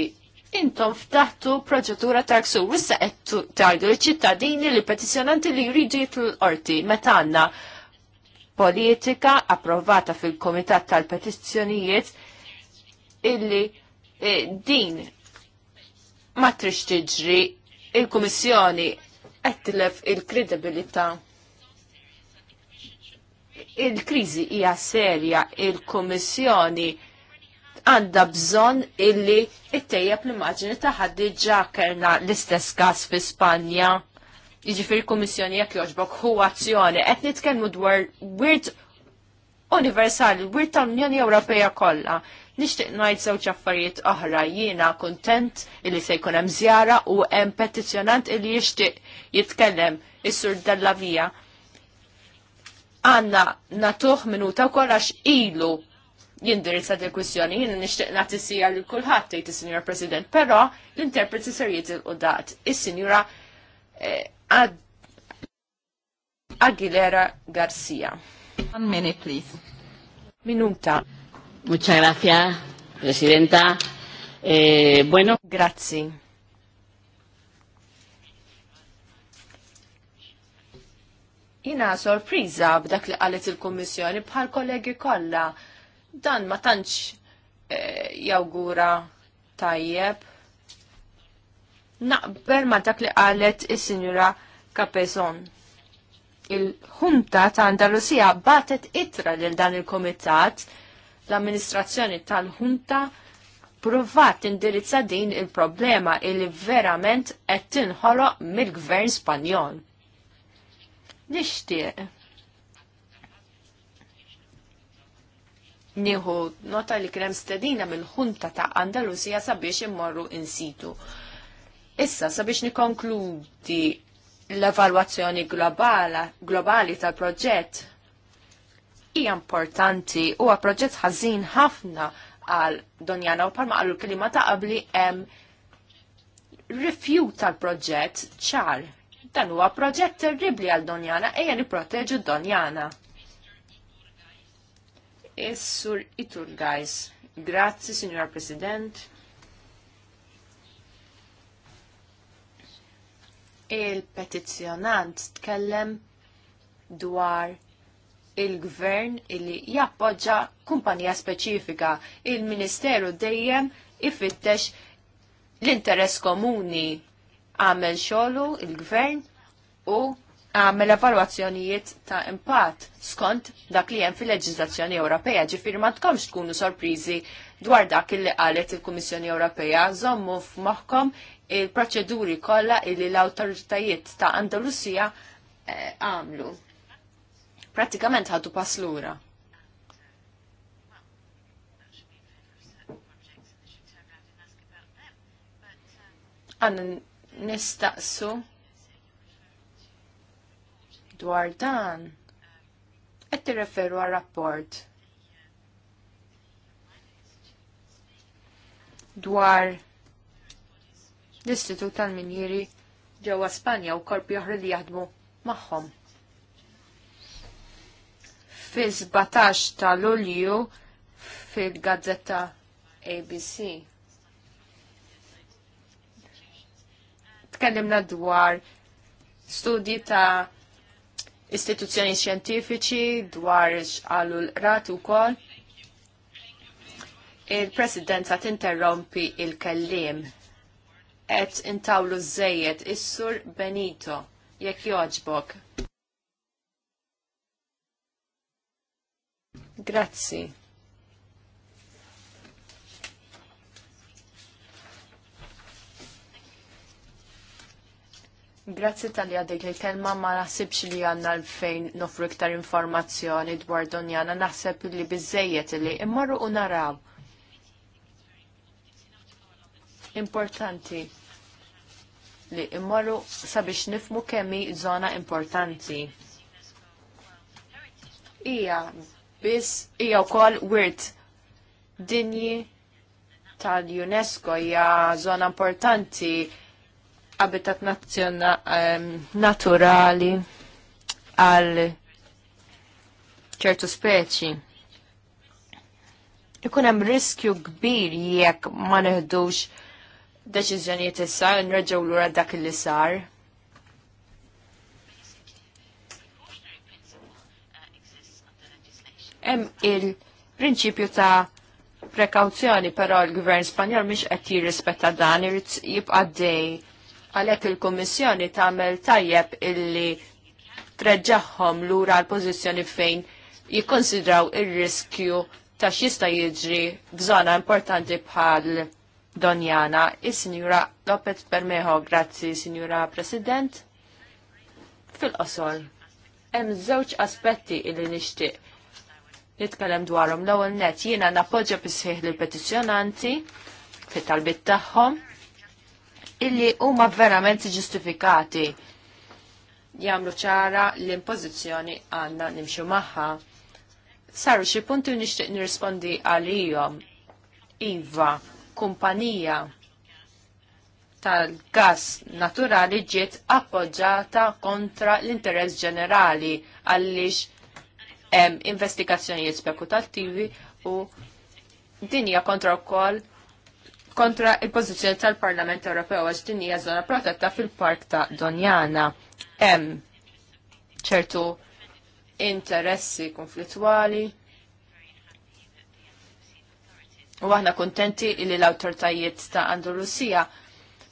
Intom ftaħtu proċedura ta' ksur, wissa qed tgħidu l-ċittadini li petizjonanti li jridu jitlu l-qorti meta għandna politika approvata fil-Komitat tal-Petizzjonijiet illi eh, din ma trix tiġri il-Kummissjoni qed tilef il-kredibilità. il kredibilità il-kriżi hija serja, il-Kummissjoni għandha bżonn illi ittejjeb l-immaġni ta' ħaddi ġa kellna l-istess każ fi Spanja. Jiġifieri l-Kummissjoni jekk jogħġbok hu azzjoni qed nitkellmu dwar wirt universali, wirt tal-Unjoni Ewropea kollha. Nixtieq ngħid żewġ affarijiet oħra jiena kuntent illi se jkun hemm żjara u hemm petizzjonant illi jixtieq jitkellem is-sur Dalla vija għanna natuħ minu ta' kollax ilu jindirizza di kwistjoni, jina nishtiq nati sija li kullħat tejt il-Sinjura President, pero l-interpreti ser jitil u dat. Il-Sinjura eh, Aguilera Garcia. One minute, please. Minuta. Muchas gracias, Presidenta. Eh, bueno. Grazie. Jina sorpriża b'dak li qalet il-Kummissjoni bħal kollegi kollha. Dan ma tantx e, jawgura tajjeb. Naqbel ma dak li qalet is-Sinjura Capezon. Il-ħunta ta' Andalusija batet itra lil dan il-komitat l-amministrazzjoni tal-ħunta provat indirizza din il-problema il verament qed tinħoloq mill-gvern Spanjol. Nixtieq. Nieħu nota li krem stedina mill-ħunta ta' Andalusija sabiex immorru in situ. Issa sabiex nikonkludi l-evalwazzjoni globali tal-proġett hija importanti huwa proġett ħażin ħafna għal Donjana u palma għal klima ta' qabli hemm rifjut tal-proġett ċar Dan huwa proġett terribli għal Donjana ejja nipproteġu Donjana. Is-sur Iturgajs. Grazzi, Signor President. Il-petizzjonant tkellem dwar il-gvern illi jappoġġa kumpanija speċifika. Il-Ministeru dejjem ifittex l-interess komuni għamel xogħlu il-gvern u għamel evalwazzjonijiet ta' impatt skont dak li hemm fil-leġiżlazzjoni Ewropea, ġifir ma tkomx tkunu sorpriżi dwar dak li qalet il-Kummissjoni Ewropea, żommu f'moħħkom il-proċeduri kollha li l-awtoritajiet ta' Andalusija eh, għamlu. Pratikament ħadu pass lura. Għanna nistaqsu dwar dan qed tirreferu għal rapport dwar l-Istitut tal minjieri ġewwa Spanja u korpi oħra li jaħdmu magħhom. Fi 17 ta' Lulju fil-Gazzetta ABC. tkellimna dwar studji ta' istituzzjoni xjentifiċi dwar xqalu l-rat u kol. Il-presidenza tinterrompi il-kellim. Et intawlu zzejiet is-sur Benito, jekk joġbok. Grazzi. Grazzi tal-li għaddejt li kelma ma naħsibx li għanna l-fejn nofru iktar informazzjoni dwar Donjana, naħseb li bizzejiet li immorru u naraw. Importanti li immorru sabiex nifmu kemmi zona importanti. Ija, bis, ija u kol wirt dinji tal-UNESCO, ija zona importanti habitat ehm, naturali għal ċertu speċi. Ikun hemm riskju kbir jekk ma neħdux deċiżjonijiet issa nreġgħu lura dak li sar. Hemm il-prinċipju ta' prekawzjoni però l-Gvern Spanjol mhix qed jirrispetta dan irid jibqa' dej Għalhekk il-Kummissjoni tagħmel tajjeb illi l lura l-pożizzjoni fejn jikkonsidraw ir-riskju ta' x'jista' jiġri f'żona importanti bħal Donjana. Is-Sinjura Lopez Bermejo, grazzi Sinjura President. Fil-qosol, hemm żewġ aspetti illi nixtieq nitkellem dwarhom l-ewwel nett jiena nappoġġja bisħieħ lill petizzjonanti fit-talbit tagħhom illi huma verament ġustifikati jagħmlu ċara l-impożizzjoni għandna nimxu magħha. Saru xi punti nixtieq nirrispondi għalihom. Iva, kumpanija tal-gas naturali ġiet appoġġata kontra l-interess ġenerali għaliex hemm investigazzjonijiet spekutattivi u dinja kontra wkoll kontra il-pozizjoni tal-Parlament Ewropew għax din hija żona protetta fil-Park ta' Donjana. Hemm ċertu interessi konflittwali. U aħna kuntenti li l-awtoritajiet ta' Andalusija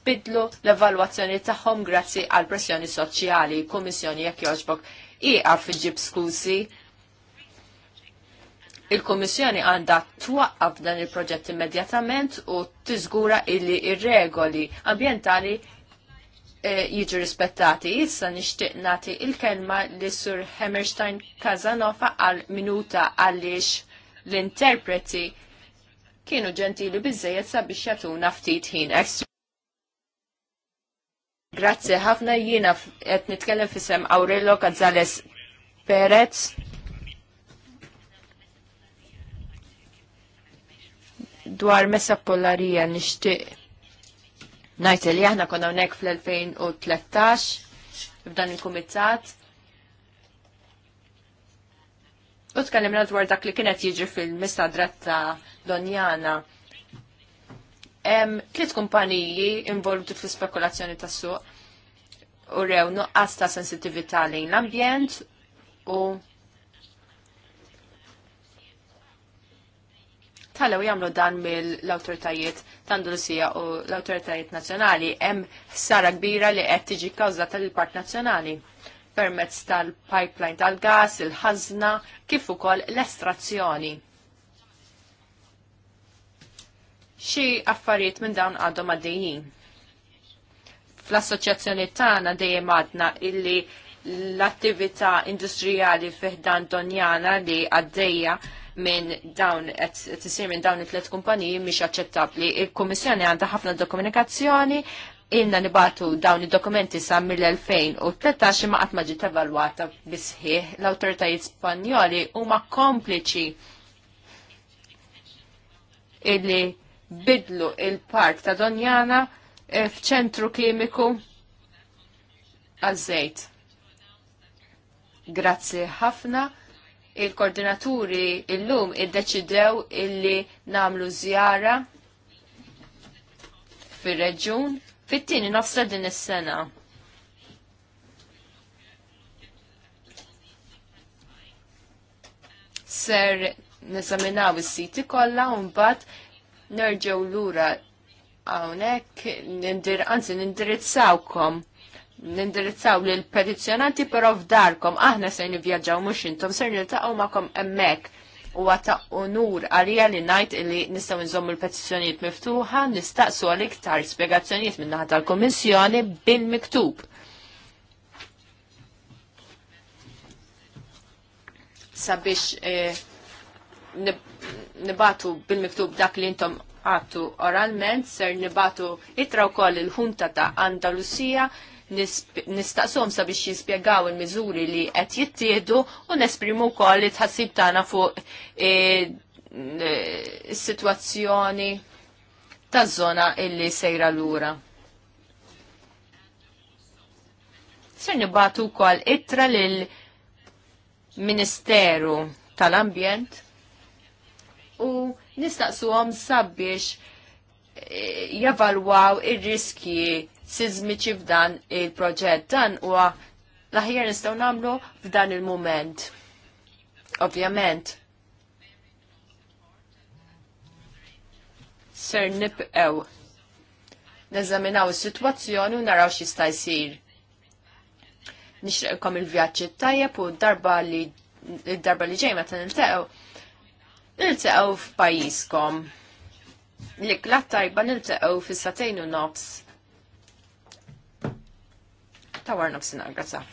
bidlu l-evalwazzjoni tagħhom grazzi għal pressjoni soċjali, kummissjoni jekk jogħġbok iqaf ġib skusi il-Kommissjoni għandha twaqqaf dan il-proġett immedjatament u tiżgura illi ir-regoli ambientali eh, jiġu rispettati. Issa nixtieq nagħti il-kelma li sur Hammerstein Kazanova għal minuta għaliex l-interpreti kienu ġentili biżejjed sabiex jagħtuna ftit ħin Grazie Grazzi ħafna jiena qed nitkellem fisem Aurello Gonzales Perez dwar messa polarija nixtieq Najtel, li aħna konna hawnhekk fl-2013 f'dan il-kumitat U tkellimna dwar dak li kienet jiġri fil messa ta' Donjana. Hemm tliet kumpaniji involuti fl-spekulazzjoni tas-suq u rew nuqqas ta' sensittività lejn l-ambjent u talew jagħmlu dan mill-awtoritajiet ta' Andalusija u l-awtoritajiet nazzjonali hemm sara kbira li qed tiġi kkawżata lill park Nazzjonali permezz tal-pipeline tal-gas, il ħazna kif ukoll l-estrazzjoni. Xi affarijiet minn dawn għadhom għaddejjin. Fl-assoċjazzjoni tagħna dejjem għadna illi l-attività industrijali fiħdan donjana li għaddejja minn dawn qed tisir minn dawn it-tliet kumpaniji mhix aċċettabbli. Il-Kummissjoni għandha ħafna dokumentazzjoni inna nibatu dawn id-dokumenti sa mill-2013 ma qatt ma ġiet evalwata bisħieħ l-awtoritajiet Spanjoli huma kompliċi illi bidlu il-park ta' Donjana eh, f'ċentru kimiku għaż-żejt. Grazzi ħafna il-koordinaturi illum iddeċidew illi namlu zjara fir-reġjun fit-tieni nofsa din is-sena. Ser nesaminaw is-siti kollha u mbagħad nerġgħu lura hawnhekk nindir anzi nindirizzawkom nindirizzaw l petizzjonanti però f'darkom aħna se nivvjaġġaw mhux intom ser niltaqgħu magħkom hemmhekk u għata unur għalija li najt li nistaw nżommu l-petizjoniet miftuħa, nistaqsu għal iktar spiegazzjoniet naħa tal-Komissjoni bil-miktub. Sabiex eh, nibatu bil-miktub dak li intom għattu oralment, ser nibatu itraw koll il-ħunta ta' Andalusija, nistaqsom sabiex jispjegaw il-miżuri li qed jittiedu u nesprimu wkoll li tħassib tagħna fuq is-sitwazzjoni e, e, taż-żona illi sejra lura. Ser nibatu wkoll ittra lil Ministeru tal-Ambjent u nistaqsuhom sabiex e, jevalwaw ir-riski sizmiċi f'dan il-proġett. Dan huwa l-aħjar nistgħu nagħmlu f'dan il-mument. Ovvjament. Ser nibqew. Neżaminaw is-sitwazzjoni u naraw x'jista' jsir. Nixreqkom il-vjaġġi tajjeb u darba li darba li ġej meta niltaqgħu niltaqgħu f'pajjiżkom. L-ikla tajba niltaqgħu fis-satejn u nofs ta' warna f'sinar,